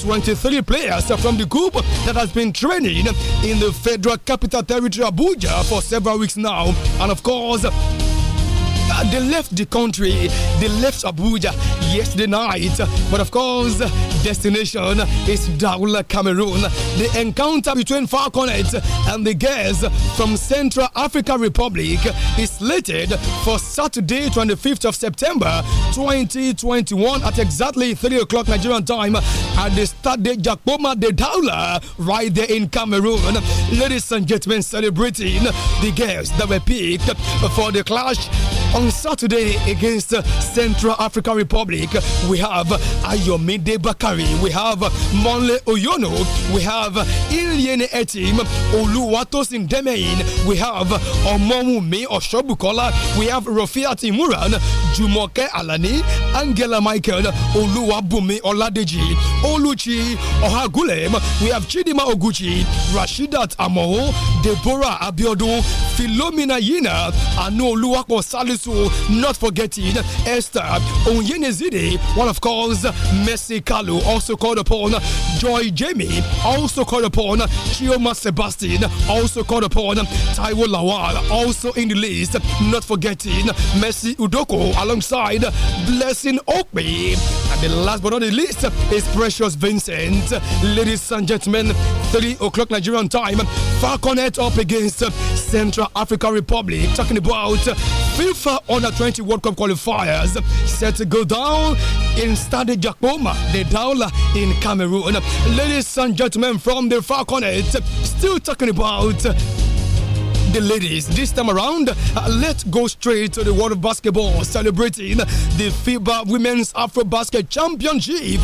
Speaker 13: 23 players from the group that has been training in the Federal Capital Territory Abuja for several weeks now. And of course, uh, they left the country. They left Abuja yesterday night. But of course, destination is Daula, Cameroon. The encounter between Falconet and the guests from Central African Republic is slated for Saturday, 25th of September 2021 at exactly 3 o'clock Nigerian time at the Stade Jacoma de Daula right there in Cameroon. Ladies and gentlemen, celebrating the guests that were picked for the clash On Saturday against Central African Republic, we have Ayomide Bakari, we have Monle Oyono, we have Ilyene Etim, Oluwatosin Demeyin, we have Omowumi Oshobukola, we have Rofia Timuran, Jumoke Alani, Angela Michael, Oluwabumi Oladeji, Oluchi Ohagulem, we have Chidima Oguchi, Rashidat Amoho, Deborah Abiodu, Philomena Yina, Anu Oluwapo Salisu not forgetting Esther Onyenezide, one of course, Messi Kalu, also called upon Joy Jamie, also called upon Chioma Sebastian, also called upon Taiwo Lawal, also in the list, not forgetting Messi Udoko alongside Blessing Okbe. And the last but not the least is Precious Vincent. Ladies and gentlemen, 3 o'clock Nigerian time, Falconet up against Central African Republic, talking about FIFA under 20 World Cup qualifiers set to go down in Stade Jacoma, the Daula in Cameroon. Ladies and gentlemen from the Falconet, still talking about the ladies. This time around, uh, let's go straight to the world of basketball, celebrating the FIBA Women's Afro Basket Championship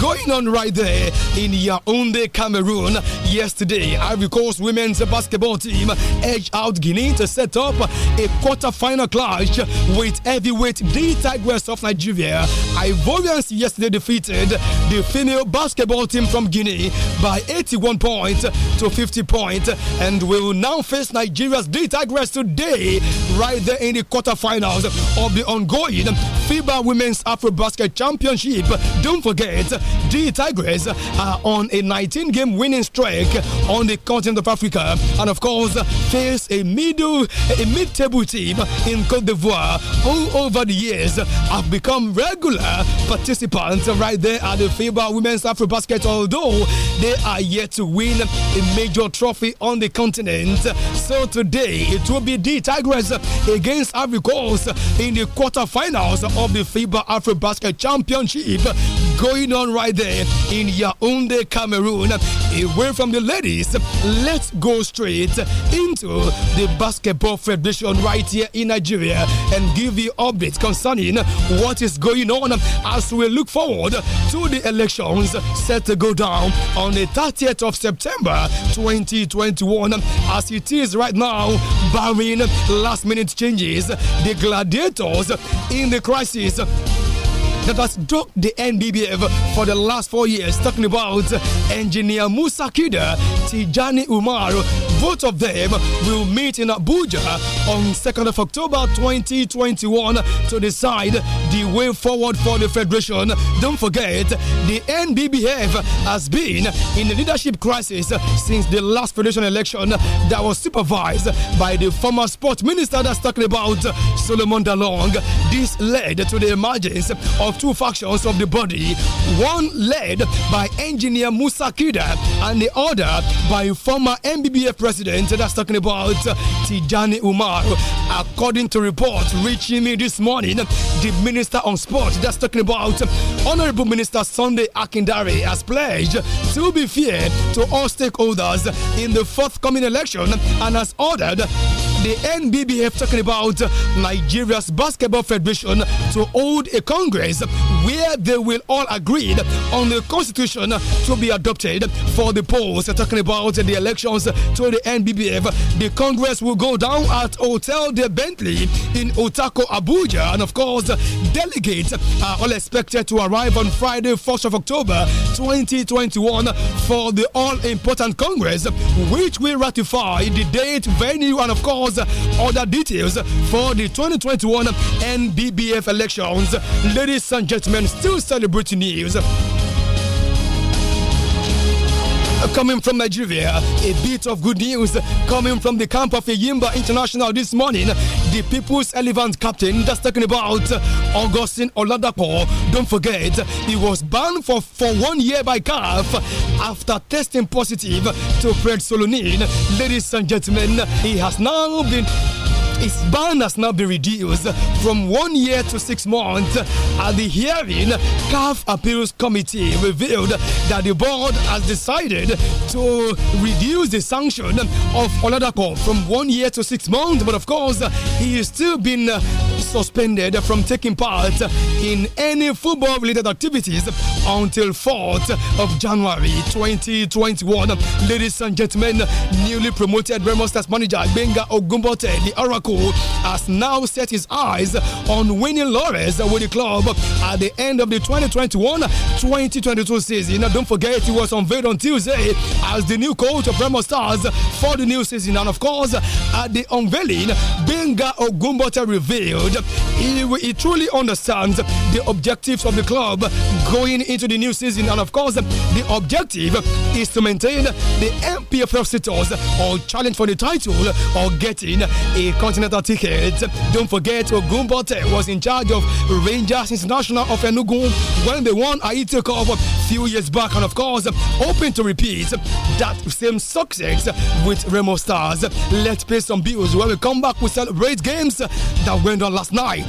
Speaker 13: going on right there in Yaounde, Cameroon. Yesterday, Ivory Coast women's basketball team edged out Guinea to set up a quarter-final clash with heavyweight D Tigers of Nigeria. Ivorians yesterday defeated the female basketball team from Guinea by 81 points to 50 points and will now face Nigeria Nigeria did digress today, right there in the quarterfinals of the ongoing FIBA Women's AfroBasket Championship. Don't forget, the Tigers are on a 19 game winning streak on the continent of Africa and, of course, face a middle, a mid table team in Cote d'Ivoire who over the years have become regular participants right there at the FIBA Women's AfroBasket, although they are yet to win a major trophy on the continent. So, to today, it will be the Tigers against Ivory Coast in the quarterfinals of the FIBA AfroBasket Championship going on right there in Yaounde, Cameroon. Away from the ladies, let's go straight into the Basketball Federation right here in Nigeria and give you updates concerning what is going on as we look forward to the elections set to go down on the 30th of September 2021 as it is right now now, barring last minute changes, the gladiators in the crisis that has dogged the NBBF for the last four years, talking about engineer Musa Kida, Tijani Umar, both of them will meet in Abuja on 2nd of October 2021 to decide the way forward for the Federation. Don't forget, the NBBF has been in a leadership crisis since the last Federation election that was supervised by the former sports minister that's talking about Solomon Dalong. This led to the emergence of two factions of the body, one led by engineer Musa Kida and the other by former NBBF president president that's talking about uh, Tijani Umar. According to reports reaching me this morning, the minister on sport that's talking about uh, Honorable Minister Sunday Akindare has pledged to be fair to all stakeholders in the forthcoming election and has ordered the NBBF talking about Nigeria's Basketball Federation to hold a congress where they will all agree on the constitution to be adopted for the polls. Talking about the elections to the NBBF, the congress will go down at Hotel de Bentley in Otako, Abuja, and of course, delegates are all expected to arrive on Friday, 1st of October 2021 for the all important congress, which will ratify the date, venue, and of course other details for the 2021 NDBF elections. Ladies and gentlemen, still celebrating news coming from Nigeria. A bit of good news coming from the camp of Yimba International this morning. The People's Elephant captain, that's talking about Augustine Oladapo. Don't forget, he was banned for, for one year by CAF after testing positive to Solonin. Ladies and gentlemen, he has now been his ban has now been reduced from one year to six months, at the hearing, CAF Appeals Committee revealed that the board has decided to reduce the sanction of Oladako from one year to six months. But of course, he is still being suspended from taking part in any football related activities until 4th of January 2021. Ladies and gentlemen, newly promoted Remo Stars manager Benga Ogumbote, the Oracle School has now set his eyes on winning laurels with the club at the end of the 2021-2022 season. Don't forget, he was unveiled on Tuesday as the new coach of Bremer Stars for the new season. And of course, at the unveiling, Benga Ogumbota revealed he, he truly understands the objectives of the club going into the new season. And of course, the objective is to maintain the MPFL status or challenge for the title or getting a continental ticket. Don't forget, Ogumbote was in charge of Rangers International of Enugu when they won I took a few years back. And of course, hoping to repeat that same success with Remo Stars. Let's pay some bills when we come back. We celebrate games that went on last night.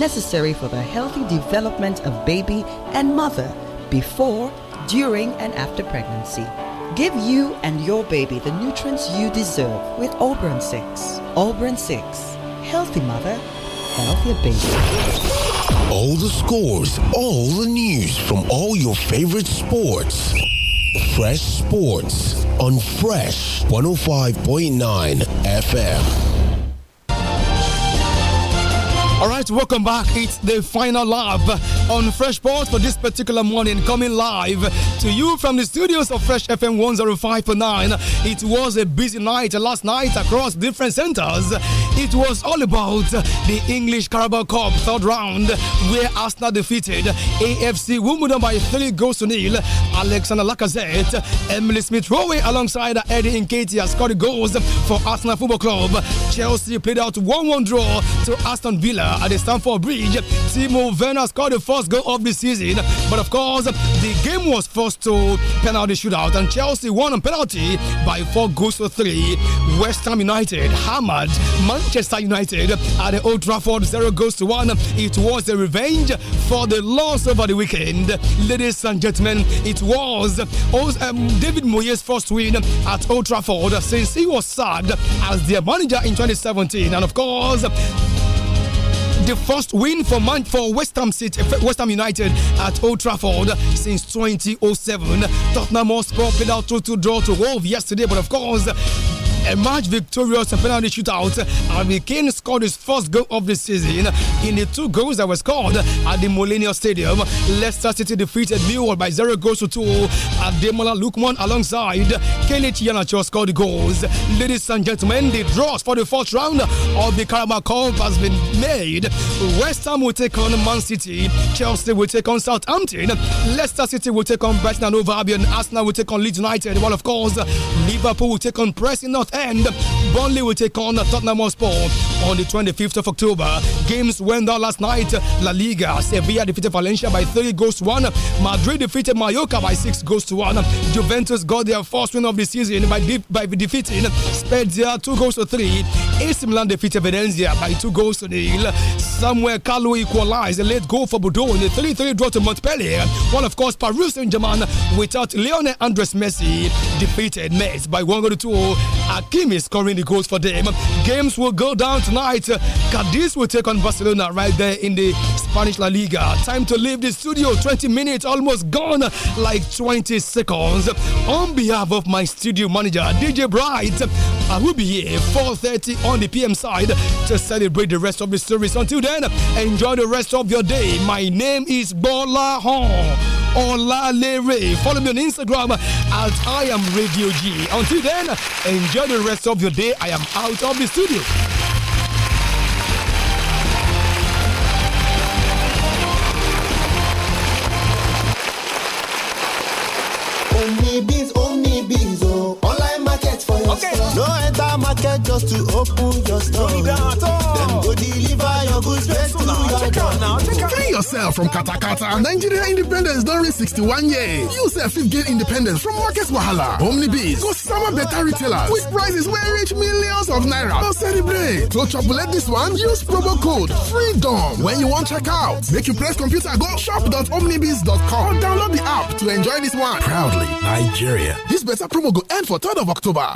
Speaker 8: necessary for the healthy development of baby and mother before, during, and after pregnancy. Give you and your baby the nutrients you deserve with Auburn 6.
Speaker 15: Auburn 6. Healthy mother, healthier baby. All
Speaker 10: the scores, all the news from all your favorite sports. Fresh Sports on Fresh 105.9 FM.
Speaker 13: All right, welcome back. It's the final lap on Fresh Sports for this particular morning, coming live to you from the studios of Fresh FM 105.9. It was a busy night last night across different centers it was all about the English Carabao Cup third round, where Arsenal defeated AFC Wimbledon by three goals to nil. Alexander Lacazette, Emily Smith Rowe, alongside Eddie Nketiah scored goals for Arsenal Football Club. Chelsea played out 1 1 draw to Aston Villa at the Stamford Bridge. Timo Werner scored the first goal of the season, but of course, the game was forced to penalty shootout, and Chelsea won on penalty by four goals to three. West Ham United hammered Man Chester United at Old Trafford, 0 goes to 1. It was a revenge for the loss over the weekend. Ladies and gentlemen, it was um, David Moyes' first win at Old Trafford since he was sacked as their manager in 2017. And of course, the first win for Man for West Ham City, West Ham United at Old Trafford since 2007. Tottenham Hotspur played out 2-2 draw to Wolves yesterday, but of course a match victorious penalty shootout and the Kane scored his first goal of the season in the two goals that were scored at the Molenia Stadium. Leicester City defeated Millwall by zero goals to two. Ademola Lukman alongside Kenneth Yanacho scored the goals. Ladies and gentlemen, the draws for the fourth round of the Carabao Cup has been made. West Ham will take on Man City, Chelsea will take on Southampton, Leicester City will take on Brighton and Over Albion, Arsenal will take on Leeds United, while of course Liverpool will take on Preston North end. Burnley will take on Tottenham Hotspur on the 25th of October. Games went down last night. La Liga, Sevilla defeated Valencia by 3 goals to 1. Madrid defeated Mallorca by 6 goals to 1. Juventus got their first win of the season by, de by defeating Spezia 2 goals to 3. AC Milan defeated Venezia by 2 goals to nil. Samuel Carlo equalized a late goal for Bordeaux in a 3-3 draw to Montpellier. While of course Paris Saint-Germain without Lionel Andres Messi defeated Metz by 1 goal to 2 Hakim is scoring the goals for them. Games will go down tonight. Cadiz will take on Barcelona right there in the Spanish La Liga. Time to leave the studio. 20 minutes almost gone, like 20 seconds. On behalf of my studio manager, DJ Bright, I will be here 4.30 on the PM side to celebrate the rest of the series. Until then, enjoy the rest of your day. My name is Bola Hong. Olalere. Follow me on Instagram at I am Radio G. Until then, enjoy the rest of your day. I am out of the studio.
Speaker 11: Only beans, only beans, oh. Online market for your okay. no just to open your store. Dem go deliver your goods to your Free
Speaker 10: yourself from katakata. Nigeria independence don reach 61 years. You a fifth gain independence from market
Speaker 12: wahala. Omnibs go sama better retailers with
Speaker 10: prices where reach millions of naira. No celebrate. So chopulate this one, use promo code FREEDOM when you want check out. Make you press computer go shop.omnibs.com or download the app to enjoy this one. Proudly
Speaker 5: Nigeria.
Speaker 10: This better promo go end for 3rd of October.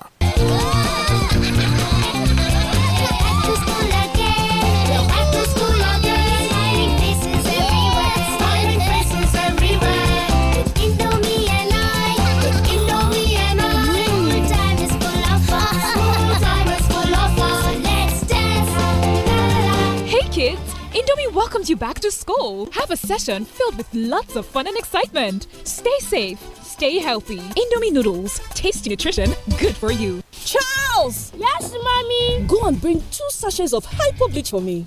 Speaker 8: you back to school. Have a session filled with lots of fun and excitement. Stay safe, stay healthy. Indomie noodles, tasty nutrition, good for you. Charles! Yes, mommy? Go and bring two sachets of hyper bleach for me.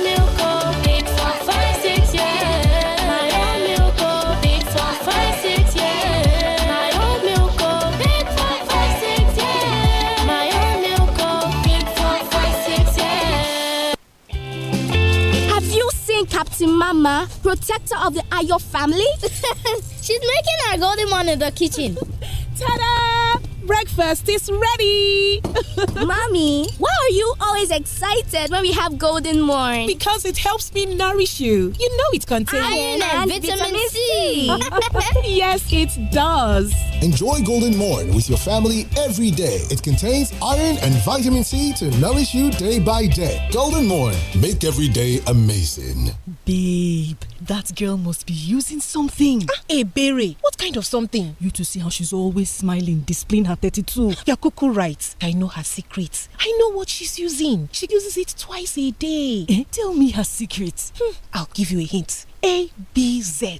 Speaker 8: Mama, protector of the Ayo family. She's making our golden one in the kitchen. Ta-da! Breakfast is ready! Mommy, why are you always excited when we have Golden Morn? Because it helps me nourish you. You know it contains iron and, and vitamin, vitamin C. yes, it
Speaker 10: does. Enjoy Golden Morn with your family every day. It contains iron and vitamin C to nourish you day by day. Golden Morn, make every day amazing.
Speaker 8: Babe, that girl must be using something. Ah, hey, eh, Barry, what kind of something? You to see how she's always smiling, displaying her her 32. You're
Speaker 5: cuckoo right. I know her secret.
Speaker 8: I know what she's using. She uses it twice a day. Eh? Tell me her secret. Hmm. I'll give you a hint. A B Z.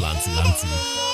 Speaker 10: 浪子，浪子。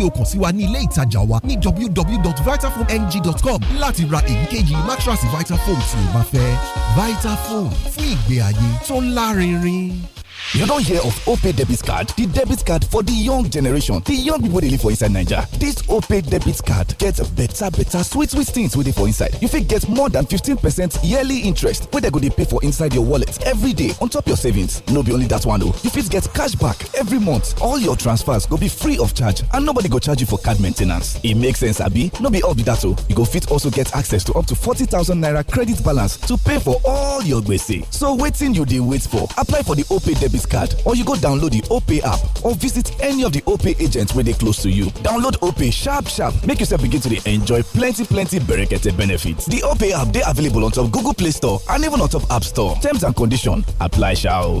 Speaker 10: kí o kàn sí wa ní ilé ìtajà wa ní www.vitafoamng.com láti ra èyíkéyìí mattress Vitafoam tí o bá fẹ́ Vitafoam fún ìgbé ayé tó lárinrin. You don't hear of opay debit card? The debit card for the young generation, the young people dey live for inside Niger. This opay debit card gets better better sweet sweet things wey dey for inside. You fit get more than 15% yearly interest wey they go dey pay for inside your wallet every day
Speaker 16: on top your savings. No be only that one though. you fit get cash back every month. All your transfers go be free of charge and nobody go charge you for card maintenance. It e makes sense abi? No be all be that though. You go fit also get access to up to 40,000 naira credit balance to pay for all your gbese. So waiting, you dey wait
Speaker 10: for? Apply for the opay debit card or you go download the OPay app or visit any of the OPay agents
Speaker 12: where they close to you. Download OPay sharp sharp make yourself begin to enjoy plenty plenty berekete benefits. The OPay app they available on top Google Play Store and even on top App Store. Terms and condition apply
Speaker 5: sha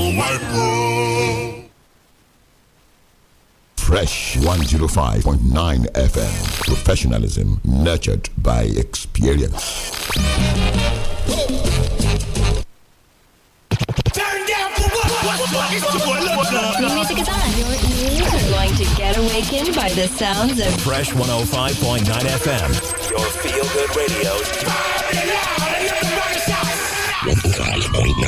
Speaker 17: go
Speaker 2: Fresh 105.9 FM. Professionalism nurtured by experience. Turn
Speaker 5: down for what? What? What? It's the one Music is on. Your ears are going to get awakened by the sounds of Fresh 105.9 FM. Your feel good radio. 105.9.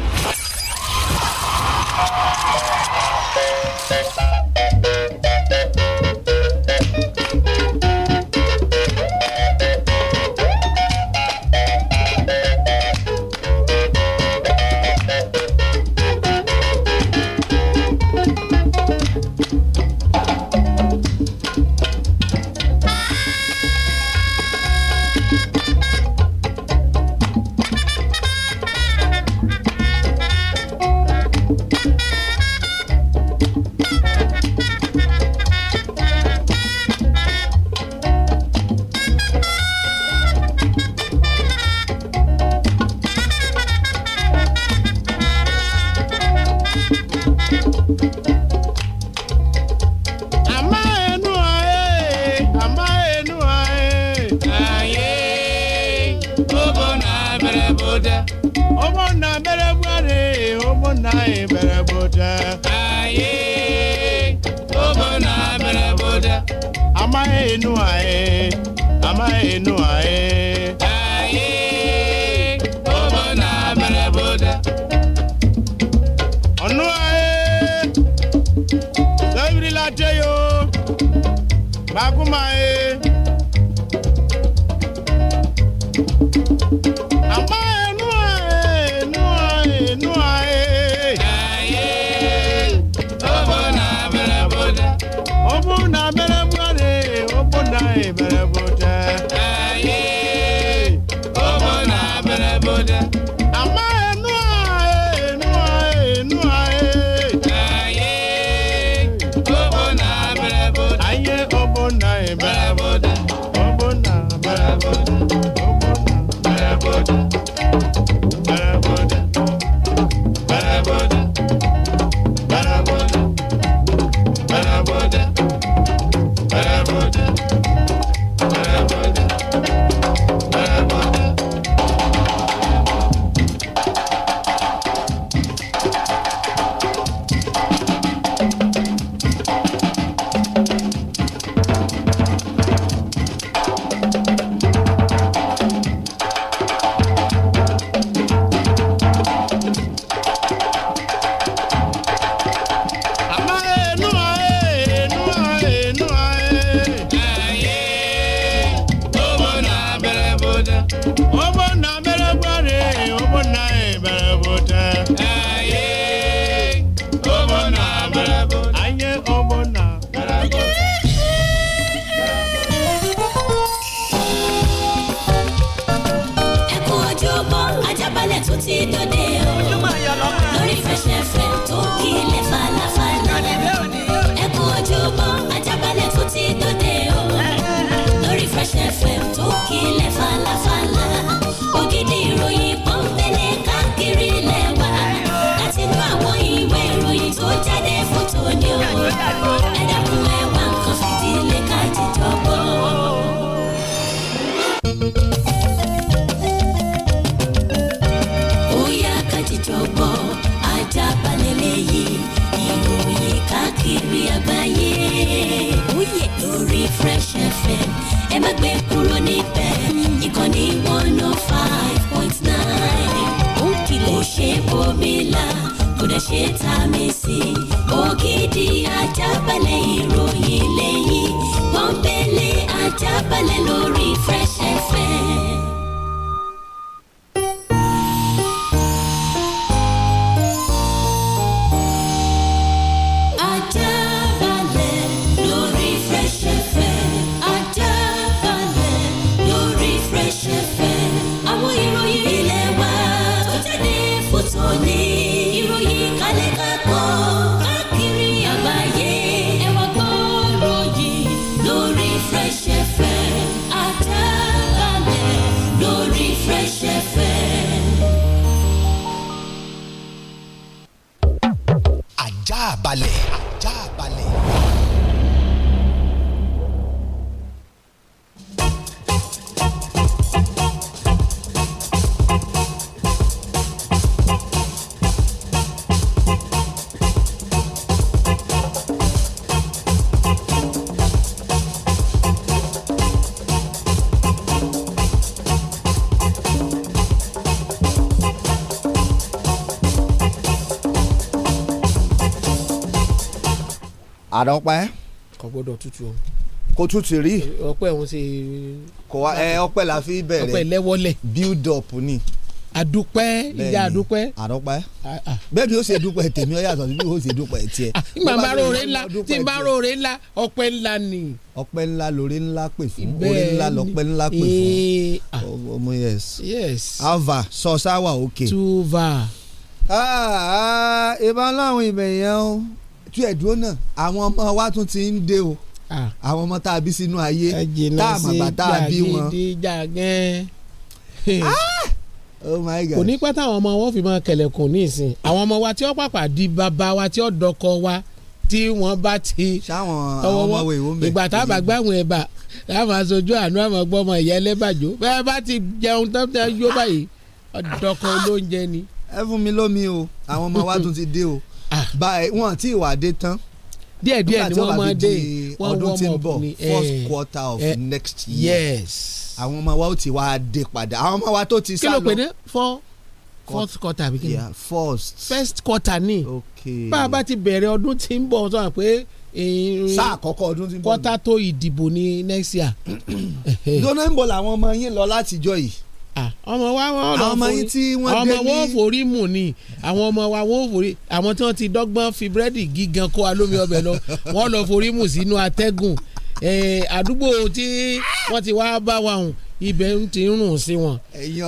Speaker 18: àdọ́pẹ́. kò gbọ́dọ̀ tutù o.
Speaker 16: kò tutù rí. ọpẹ́ òun ṣe. kò wá ẹ ọpẹ́ la fi bẹ̀rẹ̀ ọpẹ́ lẹ́wọ́lẹ̀. build up ni. àdúpẹ́ ìyá àdúpẹ́. àdọ́pẹ́ bẹ́ẹ̀ ni ah, ah. ó ṣe dúpẹ́ tèmi ó yàtọ̀ bí ó ṣe dúpẹ́ tiẹ̀. ìgbà ah, bá rore ńlá tí n bá rore
Speaker 18: ńlá ọpẹ́ ńlá
Speaker 16: ni. ọpẹ́ ńlá lore ńlá pè fún ore ńlá lọpẹ́ ńlá pè fún. ọmọ eh, oh, oh, yes. yes. ava sọ sáwà òkè. tuva. ìbọn láwọn ìbẹ̀yẹn o tú ẹ̀dúró náà àwọn ọmọ wa tún ti ń dé o àwọn ọmọ tá a bí sínú ayé tá a mọ̀ bá tá a bí wọn.
Speaker 18: Ah! oh my God kò ní pẹ́ táwọn ọmọ wọn fi máa kẹlẹ̀kùn ní ìsìn àwọn ọmọ wa tí ó pàpà di bàbá wa tí ó dọkọ wa tí wọ́n bá ti ọwọ́wọ́ ìgbà tá a bá gbáwọn ẹ̀ bá láwọn aṣojú àánú àmọ́ gbọ́mọ ìyá ẹlẹ́bàjó bẹ́ẹ̀ bá ti jẹun tán tẹ́ yó báyìí ọ̀dọ́kọ lóúnjẹ ni. ẹ fún mi lómi o àwọn ọmọ wa tún ti dé o. Ah. báyìí wọn ti wà dé tán díẹ̀
Speaker 16: díẹ̀ ni wọ́n máa dé wọ́n wọ́n mọ̀ bọ̀ ní eh, first quarter of eh, next year yes
Speaker 18: àwọn ọmọ wa ó ti wá dé padà àwọn ọmọ wa tó ti sá lọ kí ló pè ní four fourth quarter àbí kí ni yeah, first first quarter ni okay bá a bá ti bẹ̀rẹ̀ ọdún tí ń bọ̀ sọ pé eh, sáà àkọ́kọ́ ọdún tí ń bọ̀ quarter tó ìdìbò ní next year. lónà ń bọ̀ làwọn ọmọ yín lọ látijọ́ yìí Ah. ọmọ wa wọn lọ forí ọmọ wọn forí mù ni àwọn ọmọ wa wọn forí àwọn tí wọn ti dọ́gbọ́n fi búrẹ́dì gígan kó alómi ọbẹ̀ lọ wọn lọ forí mù sínú atẹ́gùn àdúgbò tí wọ́n ti wá bá wa hùn ibẹ̀ ń ti rùn sí wọn.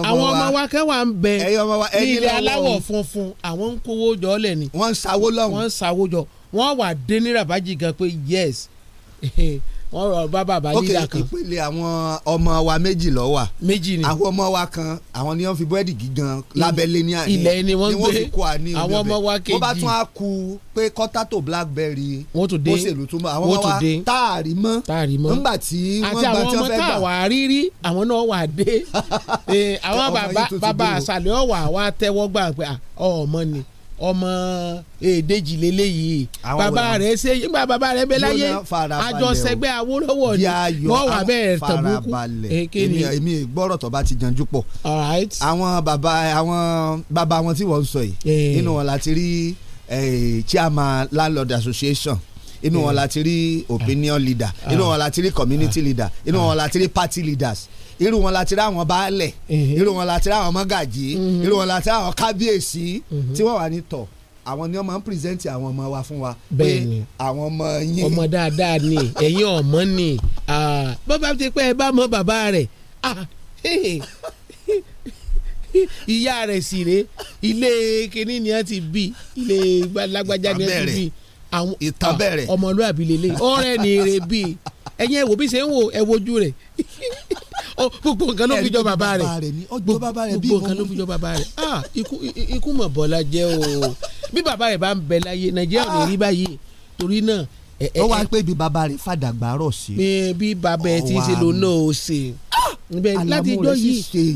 Speaker 18: àwọn ọmọ wa kẹwàá ń bẹ ní ilé aláwọ̀ funfun àwọn ń kówó jọ lẹ̀ ni. wọ́n ń sawó lọ́hùn. wọ́n ń sawó jọ wọ́n wà dé ní rabaji gan pé yes wọ́n rọ bá bàbá yíyá kan. ok ìpele àwọn ọmọ
Speaker 16: wa méjì lọ wà. méjì ni àwọn ọmọ wa kan àwọn ni wọ́n fi búrẹ́dì gígan lábẹ́lé ní àná ilẹ̀ ni wọ́n gbé àwọn ọmọ wa kejì. wọ́n bá tún á ku pé kọ́tà blackberry wọ́n tó dé òṣèlú tó mọ́ àwọn ọmọ wa
Speaker 18: táàrí mọ́ táàrí mọ́ nígbà tí wọ́n gbà tí wọ́n fẹ́ gbà. àti àwọn ọmọ tá wà á rírí àwọn náà wà á dé eh, àwọn bàbá ọmọ èdèjì lélẹ́yìí bàbá rẹ̀ ṣe nígbà bàbá rẹ̀ bẹ láyé àjọṣẹgbẹ́ Awólọ́wọ̀ ni wọ́n wà bẹ́ẹ̀ tọ̀bùkù èkéni. èmi
Speaker 16: gbọ́rọ̀ tó bá ti janjú pọ̀ àwọn bàbá àwọn bàbá wọn tí wọ́n sọ yìí nínú wọn láti rí chairman landlord association inú wọn la rí opinion leader inú ah. wọn la rí community ah. leader inú ah. wọn la rí party leaders irú wọn la ti rá àwọn baálẹ̀ irú wọn la ti rá àwọn mọ́gàjì irú wọn la ti rá àwọn kábíyèsí tí wọ́n wà ní tọ̀ àwọn ni wọn máa ń pírẹsẹ̀ntì àwọn ọmọ wa fún wa. bẹ́ẹ̀ni àwọn ọmọ
Speaker 18: yín. ọmọ dáadáa ni ẹ̀yin ọmọ ni bàbá ti pẹ́ ẹ bá mọ bàbá rẹ̀ ìyá rẹ̀ sì rè ilé kínní ni wọ́n ti bí ilé lágbájá ni wọ́n ti bí àwọn ìtàn bẹ̀rẹ̀ ọmọlúwàbí lélẹ̀ ọ̀rẹ́ ni rè bí ẹ̀yin ẹ̀ bí ṣe ń wò ẹ̀ wojú rẹ̀ gbogbo nǹkan ló fi jọ bàbá rẹ̀ gbogbo nǹkan ló fi jọ bàbá rẹ̀ ah, ikú mọ̀ bọ́lá jẹ́ o bí bàbá rẹ̀ bá ń bẹ láyé nàìjíríà ò ní rí báyìí torí náà ó wá pé bí bàbá rẹ̀ fàdàgbà rọ̀ sí. bí bàbá ẹ ti ṣe lòun náà ó ṣe. láti ijọ́ yìí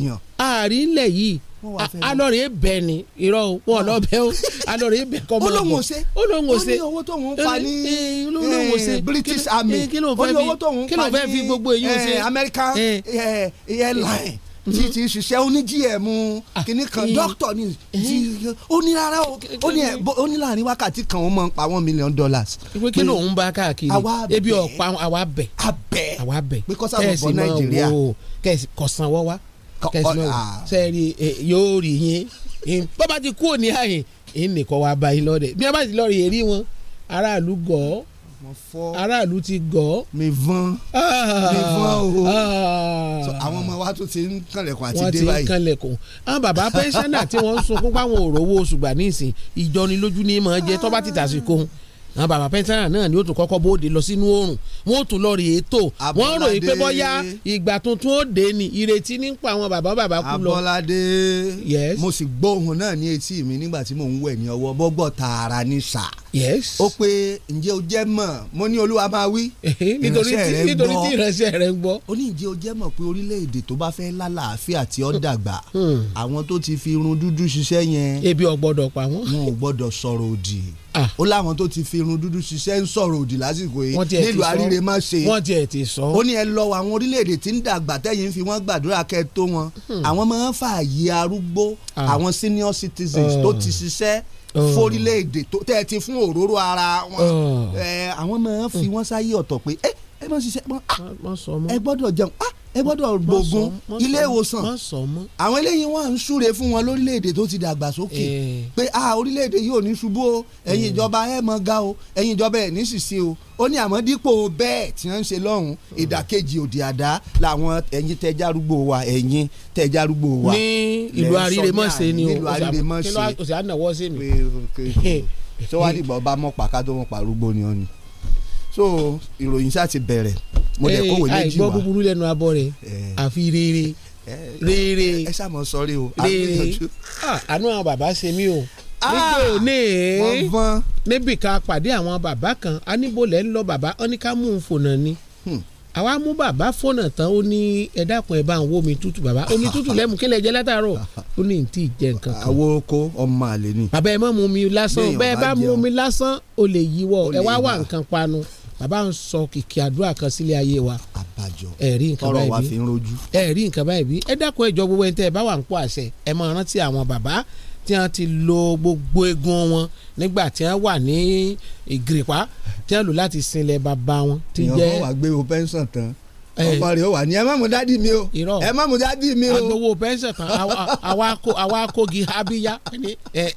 Speaker 18: àárín ilẹ̀ yìí Ah, alọrin bẹ ni irọ́ wọn lọ bẹ o ah. alọrin bẹ kọ mọ bọ ó lóun ò ṣe ó ní owó
Speaker 16: tóun fa eh, ní
Speaker 12: eh, eh, British Army ó ní owó tóun fa ní American
Speaker 16: airline tí mm-hmm. tí ṣiṣẹ́ ó ní gm ah, kìíní kan dókítà ní ó ní rárá ó ní ó ní láàrin wákàtí kan ó máa ń pa one million dollars. ìwé kí lòun
Speaker 18: bá káàkiri ebi ọ̀pá àwa bẹ̀ àwa bẹ̀ kẹ́sì máa wò kẹ́sì kọ̀sánwọ́ wá kẹsìmọ ah. sẹẹri eh, yóò rí yín bàbá ti kú òní àyè èyí nìkan wàá bá yín lọ́dẹ bí wọ́n bá ti lọ́ọ́ rí èrí wọn aráàlú gọ̀ aráàlú ti gọ̀ mi van ah. mi van o ah. àwọn ọmọ wa tún ti ń kànlẹ̀kùn àti dé báyìí. wọ́n ti ń kànlẹ̀kùn àwọn bàbá pẹ́ńsánà tí wọ́n ń sunkún páwọn òrówó oṣù gbà nísìn ìjọnilójú ní í máa jẹ tó bá ti tàsíkò àwọn bàbá pẹ́ńtánà náà ni ó tún kọ́kọ́ bóde lọ sínú oòrùn wọ́n tún lọ rèé tò wọ́n rò yìí pé bọ́yá ìgbà tuntun ó dé ni ìrètí ní pa àwọn bàbá bàbá kú lọ. Abọ́ládé mo sì gbóhùn náà ní etí
Speaker 16: mi nígbà tí mò ń wẹ̀ ní ọwọ́ bọ́gbọ́ tààrà ní sà. ó pé ǹjẹ́ o jẹ́ mọ̀ mo ní olúwa máa wí nítorí tí ìránṣẹ́ rẹ̀ ń gbọ́. ó ní ǹjẹ́ o jẹ́ mọ̀ pé orílẹ̀-èdè tó bá fẹ́ lálàáfíà Ah. ó láwọn tó ti fi irun dúdú ṣiṣẹ́ ń sọ̀rọ̀ òdì lásìkò yìí nílùú àríre má ṣe wọ́n tiẹ̀ ti sọ. ó ní ẹ lọ àwọn orílẹ̀-èdè tí ń dàgbà tẹ́yìn fi wọ́n gbàdúrà kẹ́ tó wọn hmm. àwọn máa ń fààyè arúgbó ah. àwọn senior citizens tó ti hmm. ṣiṣẹ́ hmm. fórílẹ̀-èdè tẹ́ ẹ ti fún òróró ara wọn eh, àwọn máa ń fi wọ́n sáyé ọ̀tọ̀ pé ẹ eh, ẹ má ṣiṣẹ́ ah, ẹ gbọ́dọ̀ jẹun ẹ gbọ́dọ̀ gbógun ilé ìwòsàn àwọn eléyìí wọ́n ń súre fún wọn lórílẹ̀‐èdè tó ti dàgbà sókè eh. pé a orílẹ̀‐èdè yìí ò ní ṣubú o ẹ̀yin eh. ìjọba ẹ̀ mọ ga o ẹ̀yin ìjọba ẹ̀ ní ṣìṣe o ó ní àmọ́ dípò bẹ́ẹ̀ tí wọ́n ń ṣe lọ́hùn hmm. ìdàkejì òdì àdá làwọn ẹ̀yin tẹ́járúgbó wa ẹ̀yin tẹ́járúgbó wa. ní ìlú àríremọ́sẹ̀ ni o
Speaker 18: òsì ànáwọ́ sí mi.
Speaker 16: tó wá dìgbà ọba ni ó so ìròyìn ṣáà ti bẹ̀rẹ̀ mo dẹ̀ eh, kówé méjì wá àìgbọ́ búburú
Speaker 18: lẹ́nu abọ́ rẹ̀ eh. àfi rere eh, rere ẹ ṣàmọ sọrí o rere ah, àánú àwọn bàbá ṣe mí o ah! nígbà òní níbi ká pàdé àwọn bàbá kan aníbòlẹ̀ ń lọ bàbá ọ́nìkàmù fònà ni hmm. àwa mú bàbá fónà tán ó ní ẹ dákun bá ń wo mi tútù bàbá ó ní tútù lẹ́mu kí lẹ jẹ látàárọ̀ ó ní ntí jẹ nǹkan kan. àwo ko ọmọ àlè ni. bàbá ẹ má mú mi lásán bẹ́ẹ̀ bá mú mi lásán ó lè yíwọ́ ẹ wá wà nǹkan panu bàbá ń sọ kìkì àdúrà kan sílé ayé wa. àbájọ ẹ̀rí nǹkan báyìí bí ọ̀rọ̀ wa fi ń rojú. ẹ̀rí nǹkan báyìí bí ẹ dákun ẹjọ́ gbogbo ẹni tẹ́ ẹ bá wà ń kó àṣẹ ẹ máa rántí àwọn bàbá tí wọ́n ti lo gbogbo egun wọn nígbà tí wọ́n wà ní ìgìrìpá tí wọ́n lò láti sinlẹ̀ bàbá wọn. ìyàwó wa gbé o pẹ́ńsàn tán ọmọ rẹ wà ní ẹ má mú dádì mi o ẹ má mú dádì mi o. agbowó pẹ́ńsẹ̀ kan àwa kogi abíyá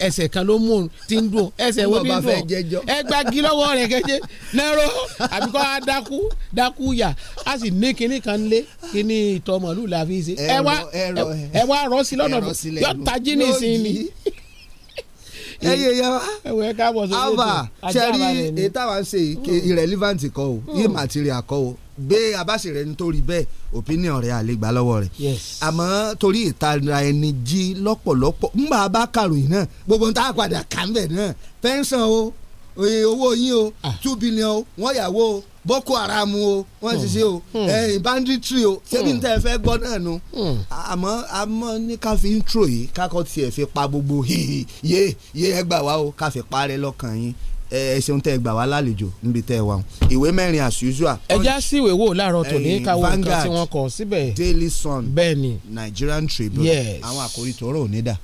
Speaker 18: ẹsẹ̀ kan ló mú ti ń dùn ẹsẹ̀ wo bí dùn ẹ gbági lọ́wọ́ rẹ̀ kẹ́jẹ́ lẹ́rọ àbíkọ́ á dákú yà á sì ní kinní kan lé kinní ìtọ́ làbí ṣe ẹ wá rọ́ sí lọ́nà yọ̀ọ́ tají nìsín ni ẹ yé yẹ wa ava sẹ́rí èyí táwa ṣe hmm.
Speaker 16: irrelevant kọ́ o immaterial hmm. kọ́ o bẹ́ẹ̀ abáṣe rẹ̀ nítorí bẹ́ẹ̀ opinion rẹ̀ àlegbà lọ́wọ́ rẹ̀ àmọ́ torí ìtara ẹni jí lọ́pọ̀lọpọ̀ ńgbà bá kàròyìn náà gbogbo ń tá a padà kà ń bẹ̀ náà pension o owó yín o ah. two billion o wọ́n yàwó o boko haram o wọ́n ti hmm. ṣe o hmm. banditry o ṣebí hmm. níta ẹ fẹ́ gbọ́ náà nu àmọ́ àmọ́ ní ká fi intro yìí kákọ́ tiẹ̀ fi pa gbogbo hihi yé yé ẹ gbà wá o ká fi parẹ́ lọ́kàn yín ẹ ṣeun tẹ́ gbà wá lálejò níbi tẹ́ wà ìwé mẹ́rin as usual.
Speaker 18: ẹ já sí ìwé wò láàárọ̀ tòní káwọ nǹkan tí wọ́n kọ síbẹ̀ Daily Sun bẹ́ẹ̀ni Nigerian Tribune àwọn àkòrí tó rò ní dà.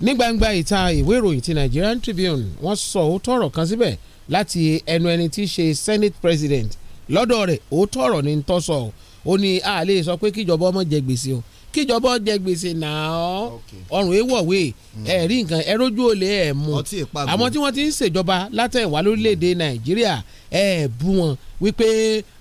Speaker 18: ní gbangba ìta ìwé ìròyìn ti Nigerian Tribune wọ́n sọ òótọ́ ọ̀rọ̀ kan síbẹ̀ láti ẹnu ẹni tí í ṣe senate president lọ́dọ̀ rẹ̀ òótọ́ ọ̀rọ̀ ni ń tọ́ sọ ó ní a lè sọ pé kíjọba ọmọ jẹ gbèsè o kíjọba jẹ gbèsè náà ọrùn ewọ̀wé ẹ̀ rí nǹkan ẹ rójú olè ẹ̀ mú àwọn tí wọ́n ti ń ṣèjọba látẹ̀wá lórílẹ̀‐èdè nàìjíríà ẹ̀ bú wọn wípé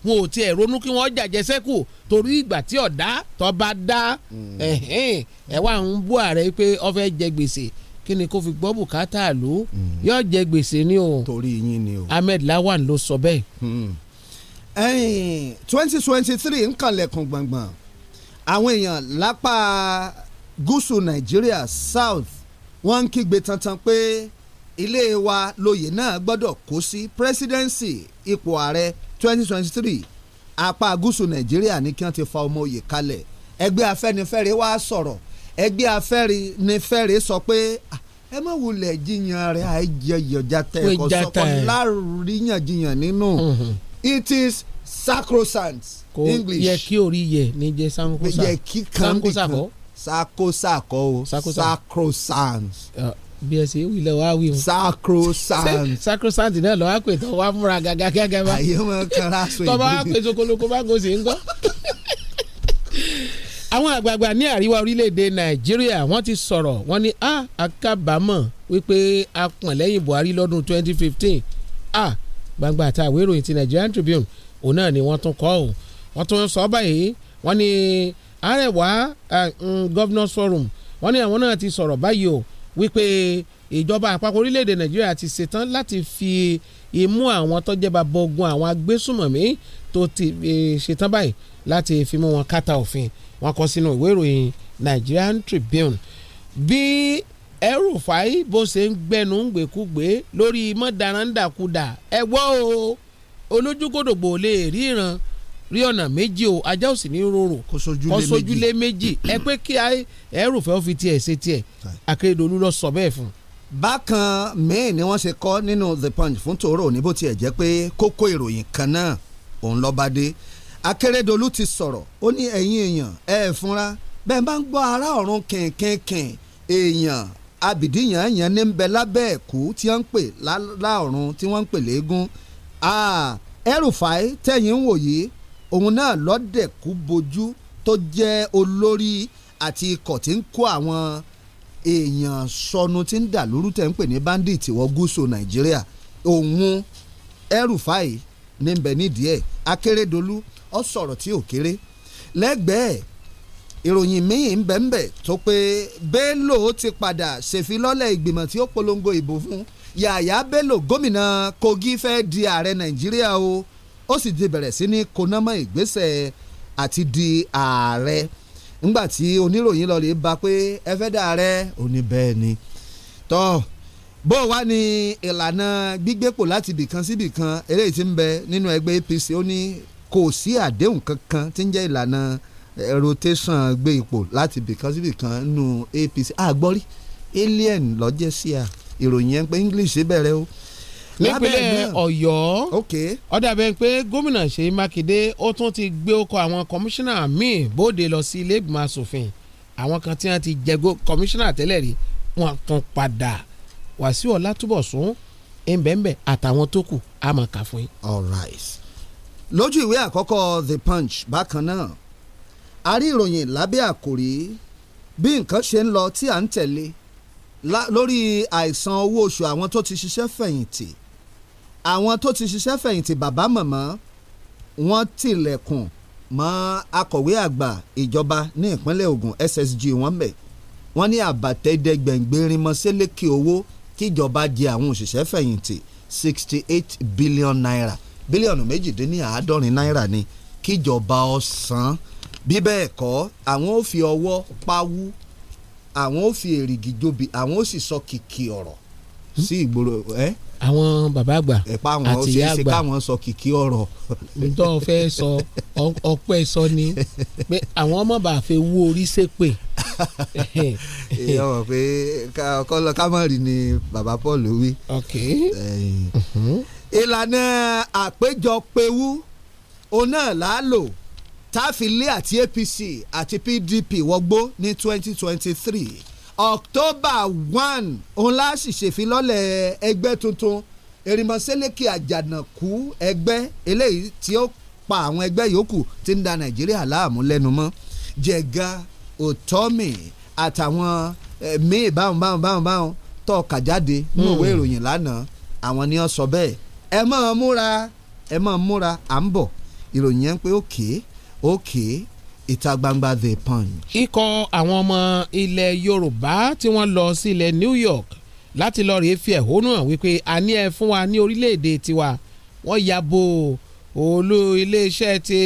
Speaker 18: wọn ò tiẹ̀ ronú kí wọ́n jàjẹ́ sẹ́kù torí ìgbà tí ọ̀dá tọba dá mm. ẹ̀ wá ń bú ààrẹ wípé ó fẹ́ jẹ gbèsè kí ni kó fi gbọ́ bùkátà lò ó hmm. yóò jẹ gbèsè ni o torí yín ni o Ahmed Lawan ló sọ bẹ́ẹ̀. Hmm. twenty twenty three ń kànlẹ̀kùn gbọ̀ngbọ̀n
Speaker 16: àwọn èèyàn lápá gúúsù Nàìjíríà south wọ́n ń kígbe tantan pé ilé wa lóyè náà gbọ́dọ̀ kó sí presidency ipò ààrẹ twenty twenty three apá gúúsù Nàìjíríà ní kí wọ́n ti fa ọmọ òye kalẹ̀ ẹgbẹ́ Afẹ́nifẹ́re wá sọ̀rọ̀ ẹgbẹ́ afẹ́ri ni fẹ́ri sọ pé ẹ má wulẹ̀ jiyàn rẹ̀ àìjẹyọjà tẹ̀ ẹ̀kọ́ sọ́kọ́ láríyànjiyàn nínú mhm. it is sacrosanct english yẹ kí orí yẹ ní jẹ
Speaker 18: sankosa yẹ kí kan bí kan sakosakọ o sacrosanct. bí ẹ ṣe wí lọ wá o. sacrosanct. sacrosanct náà lọ wá pè múra gàgàgàgà àyè wọn kan ra aṣọ ìbò. tọ́ba wá pè sokoloko àwọn àgbààgbà ní àríwá orílẹ̀-èdè nàìjíríà wọ́n ti sọ̀rọ̀ wọ́n ní a akábàámọ̀ wípé a pọ̀n lẹ́yìn buhari lọ́dún 2015 a gbangba àti àwé ìròyìn ti nigerian tribune òun náà ni wọ́n tún kọ́ ọ́ wọ́n tún sọ báyìí wọ́n ní arẹwà governors forum wọ́n ní àwọn náà ti sọ̀rọ̀ báyìí o wípé ìjọba àpapọ̀ orílẹ̀-èdè nàìjíríà ti ṣetán láti fi imú àwọn tó jẹba bọgun àwọn agbésùmọ̀mí tó ti eh, ṣetán báyìí láti fi mú wọn kátà òfin wọ́n kọ sínú ìwé ìròyìn Nigerian Tribune bí El-Rufai bó ṣe ń gbẹnu gbèkúgbé lórí mọ́daràndàkúdà ẹ gbọ́ o olójúkòdògbò lè rí ìran rí ọ̀nà méjì o ajá ò sì ní rorò kò sójúlé méjì ẹ pé kí El-Rufai ó fi tiẹ̀ ṣe tiẹ̀ Akérédolú lọ
Speaker 16: sọ bẹ́ẹ̀ fún un bákan míì ni wọ́n ṣe kọ́ nínú the punch fún tòró ní bó tiẹ̀ jẹ́ pé kókó ìròyìn kan náà òun lọ́ba dé akérèdọ́lù ti sọ̀rọ̀ ó ní ẹ̀yin èèyàn ẹ̀ fúnra bẹ́ẹ̀ bá ń gbọ́ ara ọ̀run kẹ̀kẹ̀kẹ̀ èèyàn abìdíyàn èèyàn ní bẹ lábẹ́ ẹ̀kú tí wọ́n ń pè láọ̀run tí wọ́n ń pè léegun ẹrùfàì tẹ̀yìn ń wò yìí òun náà lọ́dẹ̀kú bojú tó jẹ́ olórí àti ikọ̀ tí ń kó àwọn èèyàn sọnù tí ń dà lóru tẹ̀ ń pè ní bandit wọ gúúsù nàìjíríà òun ẹrùfàì ní bẹ nídìí ẹ̀ akérèdọ́lù ọ sọ̀rọ̀ tí ò kéré lẹ́gbẹ̀ẹ́ ìròyìn míì ń bẹ̀ǹbẹ̀ tó pé Bello ti padà ṣèfilọ́lẹ̀ ìgbìmọ̀ tí ó polongo ìbò fún Yàyà Bello gómìnà Kogi fẹ́ di ààrẹ Nàìjíríà o ó sì ti bẹ̀rẹ̀ sí ní konamọ́ ìgbésẹ̀ àti di ààrẹ ńgbàtí oníròyìn lọ́ọ́ lè ba pé ẹ fẹ́ dà ààrẹ ò ní bẹ́ẹ̀ ni tọ́ bó wá ní ìlànà gbígbépò láti bìkan síbìkan eléyìí ti ń bẹ nínú ẹgbẹ́ APC ó ní kò sí àdéhùn kankan tí ń jẹ́ ìlànà rotation gbé ipò láti bìkan síbì kan nù APC àgbọ́rí alien
Speaker 18: lọ́jẹ́ sí a ìròyìn yẹn pé English bẹ̀rẹ̀ o nípínlẹ̀ ọ̀yọ́ ó dà bẹ́ẹ̀ pé gómìnà ṣèyí mákindé ó tún ti gbé ọkọ àwọn kọmíṣánná míì bóde lọ sí ilé ìgbìmọ̀ asòfin àwọn kan tí wọ́n ti jẹ kọmíṣánná tẹ́lẹ̀ rí wọ́n tún padà wàsíù ọlátúbọ̀sún ẹ̀ńbẹ̀ńbẹ̀ àtàwọn tó kù á fún yín. all right lójú ìwé àkọ́kọ́ the punch bákan náà
Speaker 16: a rí ìròyìn lábẹ́ àkòrí bí nǹkan ṣe ń lọ tí à ń tẹ̀lé lórí àìsan owó oṣù àwọn tó ti ṣiṣẹ́ fẹ̀yìntì àwọn tó ti ṣiṣẹ́ fẹ̀yìntì bàbá màmá wọ́n tilẹ̀kùn mọ́ akọ̀wé àgbà ìjọba ní ìpínlẹ̀ Ògùn SSG wọ́n bẹ̀ wọ́n ní àbàtẹ́dẹ́gbẹ̀ngbẹ̀rìnmọ́sẹ́lẹ̀kẹ̀ owó kíjọba jẹ àwọn òṣìṣẹ́ fẹ̀yìntì sixty eight billion naira bílíọ̀nù méjìdínláàádọ́rin náírà ni kíjọba ọ̀sán bí bẹ́ẹ̀ kọ́ àwọn ò fi ọwọ́ pawú àwọn ò fi èrìgì jobi àwọn ò sì
Speaker 18: sọ kìkì ọ̀rọ̀
Speaker 16: sí ìgboro ẹ.
Speaker 18: àwọn bàbá àgbà
Speaker 16: àti ìyá àgbà káwọn sọ kìkì ọ̀rọ̀.
Speaker 18: ntọ́ fẹ́ sọ ọpẹ́ sọ ni pé àwọn ọmọ bàá fẹ́ wú orí sépè.
Speaker 16: ìyá wọn pé kọ́lọ́ kámọ́rì ni bàbá Paul wí. ok. Eh, uh -huh ìlànà àpéjọpẹ̀wú òun náà láàlò táfilé àti APC àti PDP wọgbó ní 2023 October 1 òun láàṣì ṣèfilọ́lẹ̀ ẹgbẹ́ tuntun erimọ́sẹ́lẹ́kì àjànàkú ẹgbẹ́ eléyìí tí ó pa àwọn ẹgbẹ́ yòókù tí ń da Nàìjíríà láàmú lẹ́nu mọ́ jẹ̀ga òtọ́mì àtàwọn míì báwọn báwọn báwọn báwọn tó kà jáde nínú hmm. ìwé ìròyìn lánàá àwọn ni wọ́n sọ bẹ́ẹ̀ ẹ máa múra ẹ máa múra à ń bọ̀ ìròyìn yẹn ń pé òkè òkè ìta gbangba the punch.
Speaker 18: ikọ̀ àwọn ọmọ ilẹ̀ yorùbá tí wọ́n lọ sí ilẹ̀ new york láti lọ rèé fi ẹ̀hónú hàn wípé a ní ẹ fún wa ní orílẹ̀-èdè tiwa wọ́n ya bo olú iléeṣẹ́ ti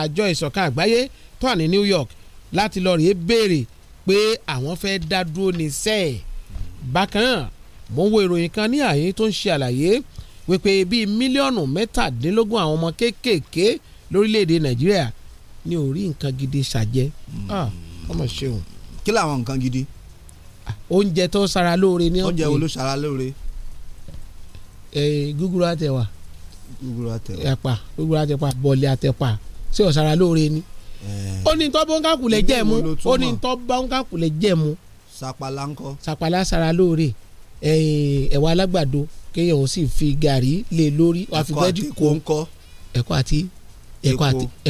Speaker 18: àjọ ìṣọ̀kan àgbáyé tó wà ní new york láti lọ rèé béèrè pé àwọn fẹ́ dá dúró ní sẹ́ẹ̀ bákan náà mo wo ìròyìn kan ní àyè tó ń ṣe àlàyé wípé bíi mílíọ̀nù mẹ́tàdínlógún àwọn ọmọ kéékèèké lórílẹ̀‐èdè nàìjíríà ni ò rí nǹkan gidi ṣàjẹ́ hmm. ah, ọmọ ṣeun. kí làwọn nǹkan gidi. Ah, oúnjẹ tó sara lóore ni. oúnjẹ wo ló sara lóore. Eh, gúgúrú àtẹwà. gúgúrú àtẹwà. ẹ̀pà gúgúrú àtẹpà bọ̀lì àtẹpà ṣé ò sara lóore ni. Eh. ó ní tọ́ bọ́ńkàkùlẹ̀ jẹ́ mu ó ní tọ́ bọ́ńkàkùlẹ̀ jẹ́ mu. sàpàlà ńkọ́. sàpàlà sara lóore eh, ẹ̀wà alágbàdo kéèyàn ó sì fi gàrí lé lórí wàá fi bẹ́ẹ̀dì kó ẹ̀kọ́ àti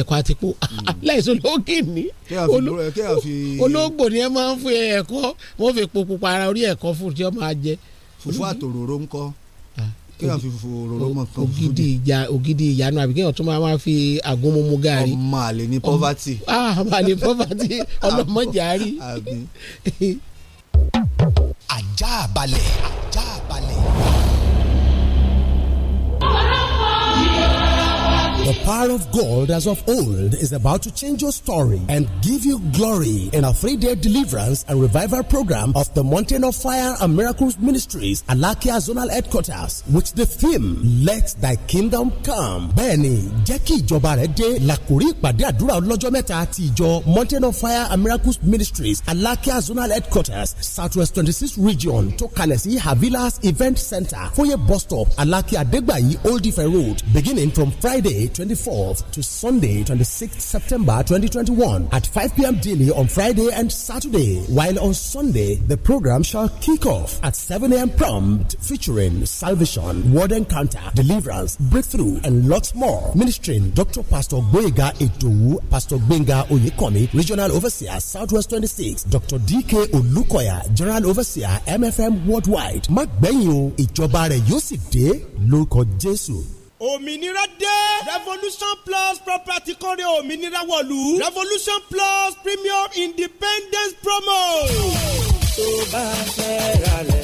Speaker 18: ẹ̀kọ́ àti po ah, hmm. láìsí olóògì ní olóògbò ni ẹ máa ń fi ẹ̀kọ́ wọ́n fi po pupa ara orí ẹ̀kọ́ fún tí wọ́n máa jẹ. fufu àtòròró ń kọ́ ah. kí wọ́n fi fufu òróró mọ̀ kan fúdi. ògidì ìjà ògidì ìyanu àbí kí wọ́n tún máa fi àgúnmumu gaari. ọmọ àlè ní poverty. Ah, ọmọ àlè poverty ọlọmọjà rí. ajá balẹ̀ ajá balẹ̀.
Speaker 5: The
Speaker 10: power of gold, as of old is about to change your story and give you glory in a three day deliverance and revival program of the Mountain of Fire and Miracles Ministries, Alakia Zonal Headquarters, with the theme Let Thy Kingdom Come. Benny, Jackie, Jobarede, ìjọba rẹ̀ dé làkúrí ìpàdé àdúrà ọlọ́jọ́ mẹ́ta Mountain of Fire and Miracles Ministries, Alakia Zonal Headquarters, Southwest 26 Region, tó kalẹ̀ Havilas Event Center, Foye Bus Stop, Alakia Degbayi, Old Ife Road, beginning from Friday 24th to Sunday, 26th September 2021 at 5 p.m. daily on Friday and Saturday, while on Sunday, the program shall kick off at 7 a.m. prompt featuring salvation, word encounter, deliverance, breakthrough, and lots more. Ministering Dr. Pastor Boyega Edowu, Pastor Benga Oyekomi, Regional Overseer, Southwest 26, Dr. DK Olukoya, General Overseer, MFM Worldwide. Má Benyo, Ichobare ìjọba dé Jésù.
Speaker 12: òmìnira dé. revolution plus property kọ́rẹ́ òmìnira wọ̀lú. revolution plus premium independence promo. tó bá fẹ́ ra lẹ̀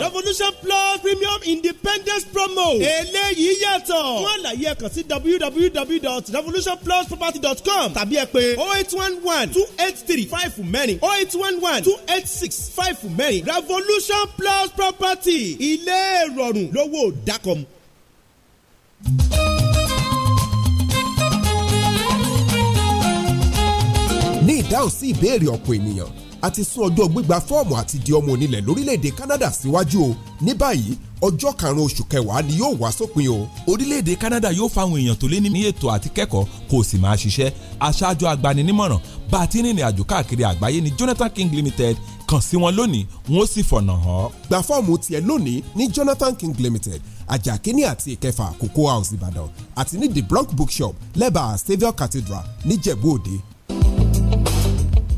Speaker 12: revolution plus premium independence promo. eléyìí yàtọ̀. fún àlàyé ẹ kàn sí www.revolutionplusproperty.com tàbí ẹ pè oh eight one one two eight three five fún mẹ́rin oh eight one one two eight six five fún mẹ́rin revolution plus property ilé ìrọ̀rùn lówó dákọ̀mù.
Speaker 10: ní ìdáhùn sí ìbéèrè ọ̀pọ̀ ènìyàn àti sún ọjọ́ gbígba fọ́ọ̀mù àti di ọmọ onílẹ̀ lórílẹ̀‐èdè Canada síwájú o ní báyìí ọjọ́ karùn-ún oṣù kẹwàá ni yóò wá sópin o. orílẹ̀-èdè Canada yóò fáwọn èèyàn tó lé ní ètò àti kẹ́kọ̀ọ́ kó sì máa ṣiṣẹ́ aṣáájú agbaninímọ̀ràn bá a ti rìnrìn àjò káàkiri àgbáyé ní Jonathan King Limited kàn sí wọn lónìí wọn ó sì fọ̀nà hàn. gba fọ́ọ̀mù tiẹ̀ lónìí ní Jonathan King Limited ajakini àti ìkẹfà Cocoa House Ìbàdàn àti ní the Bronx Bookshop lẹ́bàá Saviour Cathedral níjẹ̀bú Òde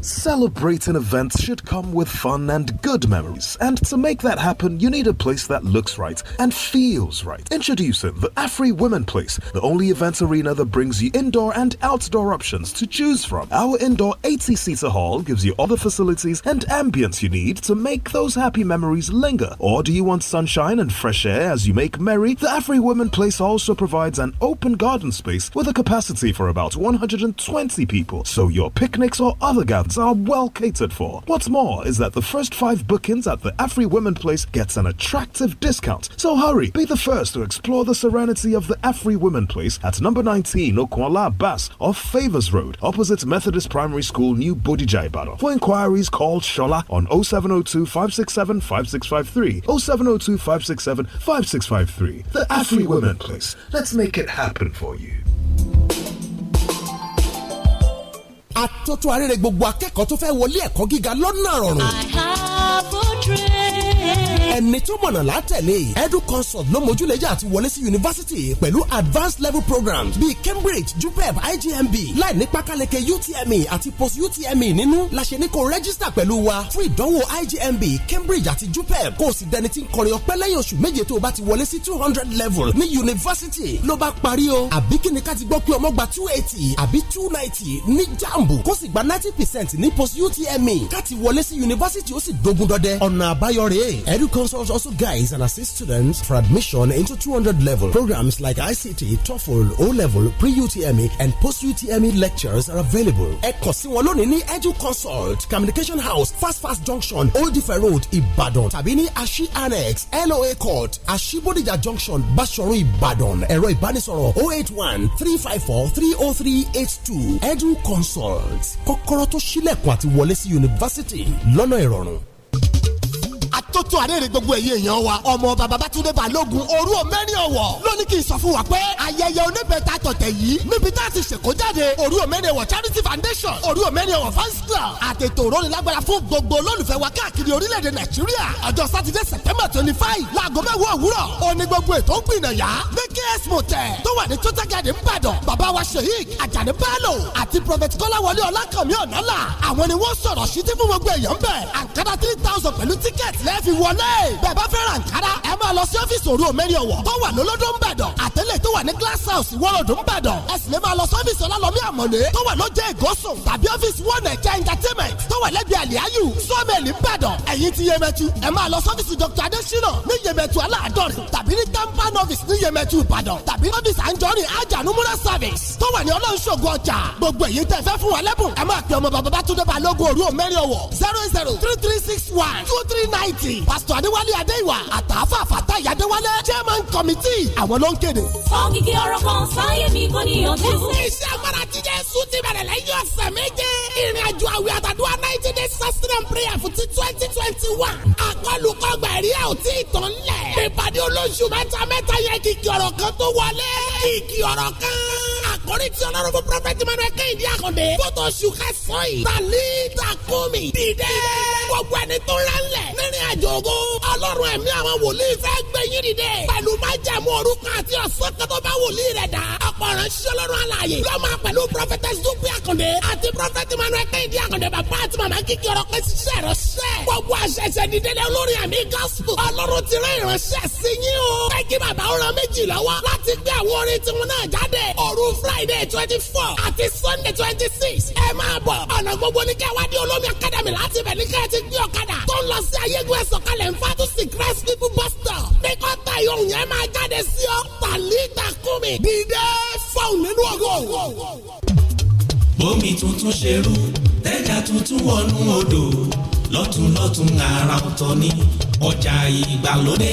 Speaker 10: Celebrating events should come with fun and good memories, and to make that happen, you need a place that looks right and feels right. Introducing the Afri Women Place, the only event arena that brings you indoor and outdoor options to choose from. Our indoor 80 seater hall gives you all the facilities and ambience you need to make those happy memories linger. Or do you want sunshine and fresh air as you make merry? The Afri Women Place also provides an open garden space with a capacity for about 120 people, so your picnics or other gatherings are well catered for. What's more is that the first five bookings at the Afri Women Place gets an attractive discount. So hurry, be the first to explore the serenity of the Afri Women Place at number 19 Okwala Bass off Favors Road, opposite Methodist Primary School, New Bodija For inquiries, call Shola on 0702 567 5653, 0702 567 5653. The Afri Women Place. Let's make it happen for you. àtótó arére gbogbo akẹ́kọ̀ọ́ tó fẹ́ wọlé ẹ̀kọ́ gíga lọ́nà rọrùn. I
Speaker 8: have ẹni
Speaker 10: tó mọ̀nà látẹ̀lé edu consult ló mójúlẹ̀jà àti wọlé sí yunifásitì pẹ̀lú advanced level programs bíi cambridge jupeb igmb láì ní pákáleke utme àti post utme nínú la ṣe ní kó rẹ́gísítà pẹ̀lú wa fún ìdánwò igmb cambridge àti jupeb kó o sì dẹni tí ń kọrin ọpẹ́ lẹ́yìn oṣù méje tó o bá ti wọlé sí two hundred level ní yunifásitì ló bá parí o àbí kí ni ká ti gbọ́ pé ọmọ gba two eighty àbí two ninety ní jambu kó sì gba ninety percent ní post utme ká ti wọlé sí yunifásitì ológun dọdẹ ọ̀nà àbáyọ rèé also guides and assists students for admission into 200 level programs like ICT TOEFL O level pre-UTME and post-UTME lectures are available ẹ kàn sí wọn lónìí educonsult communication house fast fast junction old ife road Ibadan. Tabini ashi annex LOA court ashibodija junction Bashorun Ibadan. Ero ìbánisọ̀rọ̀ 081 354 30382. three five four three o oh three eight edu consult kọ́kọ́rọ́ tó ṣílẹ̀kùn àti wọlé sí
Speaker 11: tó tó àrèrè gbogbo ẹ̀yẹ èèyàn wa ọmọ bàbá bátúndé balógun òru òmẹ́rin ọ̀wọ̀ lónìí kì í sọ fún wa pé ayẹyẹ oníbẹ̀ta tọ̀tẹ̀ yìí níbi tá a ti ṣèkójáde òru òmẹ́rin ọ̀wọ̀ charity foundation òru òmẹ́rin ọ̀wọ̀ fans club àtètò òrónilágbára fún gbogbo olólùfẹ́ wa káàkiri orílẹ̀-èdè nàìjíríà ọjọ́ sátidé september twenty five láago mẹ́wọ́ òwúrọ̀ òní gbogbo ètò gbìnàyà ní total garden láti wọlé. bẹ́ẹ̀ bá fẹ́ ra Ankara ẹ máa lọ sí ọ́fíìsì òru òmẹ́rin ọ̀wọ̀ tó wà lọ́lọ́dún ń bàdàn àtẹ̀lé tó wà ní glass house wọ́lọ́dún ń bàdàn ẹ sì lè máa lọ sí ọ́fíìsì ọlálọ́mí àmọ̀lé tó wà lọ́jẹ́ ìgọ́sùn tàbí ọ́fíìsì one ẹ̀jẹ̀ entertainment tó wà lẹ́bi àlìyáyù sọ́ọ̀mẹ̀lì ń bàdàn ẹ̀yìn ti yẹmẹtu ẹ máa lọ sọ́fíìsì Dr. Adesina ní yẹmẹtu aláàdọ́rin tàbí ní tampan office ní yẹmẹtu Ìbàdàn tàbí ọ́fíìsì àǹjọ́rin ajanumura service tó wà ní ọlọ́nṣogun ọjà gbogbo èyí tẹ́ fẹ́ fún wa lẹ́bùn ẹ máa pè ọmọ bàbá bá tún dé balógun òru òmẹ́rin ọ̀wọ̀ zero zero three three six one two three ninety ministry pastor adéwálé adéwà àtàfà fàtà ìyàdéwálé chairman committee àwọn ló ń kéde. fọ́ọ̀kìkì
Speaker 5: ọ̀rọ̀ kan sáyé mi kò níyànjú. iṣẹ́ agbára ti Jésù ti bẹ̀rẹ̀ lẹ́yìn ọ̀sẹ̀ méje ìrìn àjò àwẹ̀ àtàdúrà ninety days fasting prayer fún ti twenty twenty one àkọlùkọgbà ẹ̀rí ẹ̀ ò tí ì tán lẹ̀. ìpàdé olóṣù mẹ́ta mẹ́ta yẹ kìkì ọ̀rọ̀ kan tó wọlé kìkì ọ̀rọ̀ kan àkórí tí ọlọ́run prọfẹ̀tì mẹ́rin kéde àkàndé fótó ṣùkà sọ́yìn tàlí takumi dìde gbogbo ẹni tó rẹ̀ ń lẹ̀ nínú àjọ̀gún ọlọ́run ẹ̀mí àwọn wòlíì fẹ́ gbé yín dìde. pẹ̀lú májàmú orúkọ àti ọ̀sán kẹ́tọ́ bá wòlíì rẹ̀ dá. ọ̀pọ̀ ìránṣẹ́ ọlọ́run alààyè. lọ́mọ pẹ̀lú prọfẹtẹ zupi akunde àti prọfẹtẹ manuel kẹ́hìndé akunde bàbá àti màmá kìkì ọ̀rọ̀ pé ṣiṣẹ́ ìránṣẹ́. gbogbo àṣẹṣẹ dìde lẹ olórí ẹ̀mí gospel. ọlọ́run ti rán ìránṣẹ́ sí yín o. ẹ kí bàbá ọ̀rọ̀ méjì lọ́wọ́ láti gbé àwọn orin tiwọn náà jáde. òru friday twenty four àti sunday twenty six. ẹ máa bọ̀ ọ̀nà gbogbo ní kẹwàá di olómi akadami láti bẹ̀ ní kẹ́ẹ̀ ti gbé ọ̀kadà tó ń lọ sí ayégun ẹ̀sọ̀ kalẹ̀ ń fàtó opposite christ people bus stop ní kọ́tà yóò yẹn máa jáde sí ọ tàlí takumi dídé fáwọn nínú ọgọ́.
Speaker 9: bómi tuntun ṣe rú tẹ́jà tuntun wọnú odò lọ́tùnlọ́tùn àrà ọ̀tọ̀ ní ọjà ìgbàlódé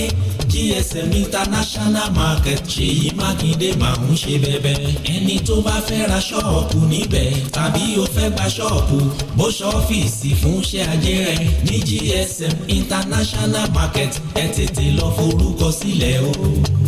Speaker 9: gsm international market ṣèyí mákindé máa ń ṣe bẹbẹ ẹni tó bá fẹ́ ra ṣọ́ọ̀pù níbẹ̀ tàbí o fẹ́ gba ṣọ́ọ̀pù bó ṣọ́ọ̀fìsì fún iṣẹ́ ajé rẹ ní gsm international market ẹ tètè lọ forúkọ sílẹ̀ o.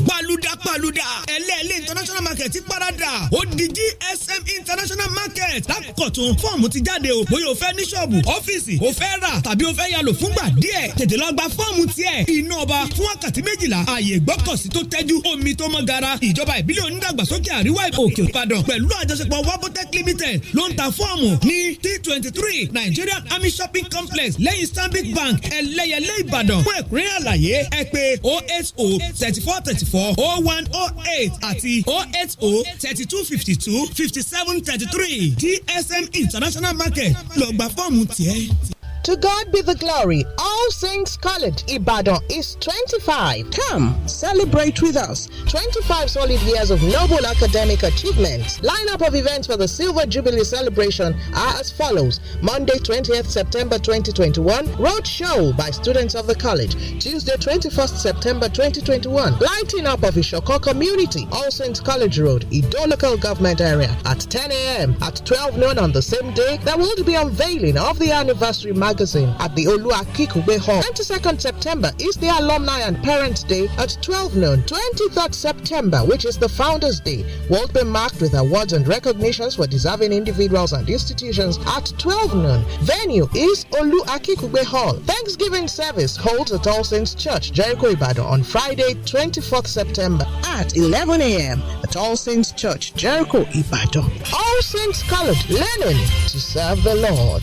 Speaker 12: pàlúdà pàlúdà ẹlẹ́ẹ̀lẹ́ international market ti paradà ó di gsm international market lákọ̀tún fọ́ọ̀mù ti jáde o bóyá o fẹ́ ní ṣọ́ọ̀bù ọ́fíìsì o fẹ́ rà tàbí o fẹ́ yálò fúngbà díẹ̀ tètè lọ gba fọ́ọ̀mù tiẹ̀ iná ọba fún wákàtí méjìlá ààyè ìgbọ́kọ̀sí tó tẹ́jú omi tó mọ́ gara ìjọba ìbílẹ̀ onídàgbàsókè àríwá òkè ìbàdàn pẹ̀lú àjọṣepọ̀ wabotec limited ló ń ta fọ́ọ̀mù ní t twenty three nigerian army shopping complex lẹ́yìn stanbic bank ẹlẹ́yẹlé ìbàdàn fún ẹ̀kúnrẹ́ àlàyé ẹ pé o oh eight o oh thirty four thirty four o oh one o eight àti o eight o thirty two fifty two fifty seven thirty three dsm international
Speaker 15: market lọ gba fọ́ọ̀mù tiẹ̀. To God be the glory. All Saints College, Ibadan is 25. Come, celebrate with us. 25 solid years of noble academic achievements. Lineup of events for the Silver Jubilee celebration are as follows. Monday, 20th September 2021, road show by students of the college. Tuesday, 21st September 2021, lighting up of Ishoko community, All Saints College Road, Ido local government area at 10 a.m. At 12 noon on the same day, there will be unveiling of the anniversary magazine magazine at the Olua Hall. 22nd September is the Alumni and Parents Day at 12 noon. 23rd September, which is the Founders Day, will be marked with awards and recognitions for deserving individuals and institutions at 12 noon. Venue is Olu Akikube Hall. Thanksgiving service holds at All Saints Church, Jericho Ibadan on Friday, 24th September at 11 a.m. at All Saints Church, Jericho Ibadan. All Saints College, learning to serve the Lord.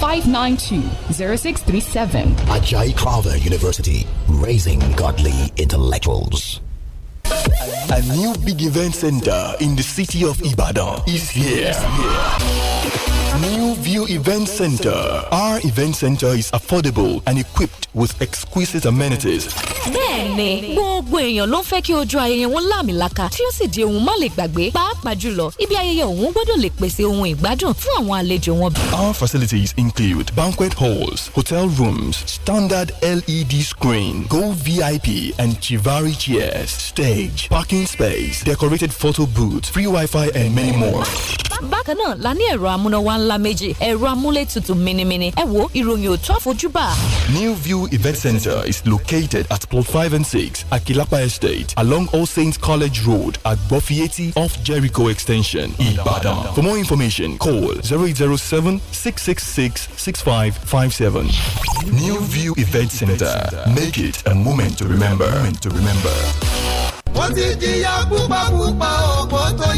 Speaker 8: 592-0637.
Speaker 10: Ajay Crowther University, raising godly intellectuals. A new big event center in the city of Ibadan is here. Is here. New View Event Center. Our event center is affordable and equipped with exquisite
Speaker 14: amenities.
Speaker 8: Bẹ́ẹ̀ni, gbogbo èèyàn ló ń fẹ́ kí ojú ayẹyẹ wọn lámìlaka tí ó sì di ohun má lè gbàgbé pàápàá jùlọ ibi ayẹyẹ òun gbọ́dọ̀ lè pèsè ohun ìgbádùn fún àwọn àlejò wọn. Our
Speaker 10: facilities include banquet halls, hotel rooms, standard LED screen, gold VIP and Chivari chairs, stage, parking space, decorated photo booth, free Wi-Fi and many more.
Speaker 8: Bákan náà, la ní ẹ̀rọ amúnáwá ńlá ńlá méjì ẹ̀rọ amúlétutù minimini ẹ wo ìròyìn òtún àfojúbà.
Speaker 10: New View Event Center is located at plot five and six Akilapa Estate along All Saints College Road at Gbofieti off Jericho Extension, Ibadan. For more information, call zero zero seven six six six six five five seven. New View Event Center. Make it a moment to remember. Moment to remember.
Speaker 11: wọ́n ti jìyà púpàpúpà
Speaker 17: ọ̀pọ̀ tó yẹ.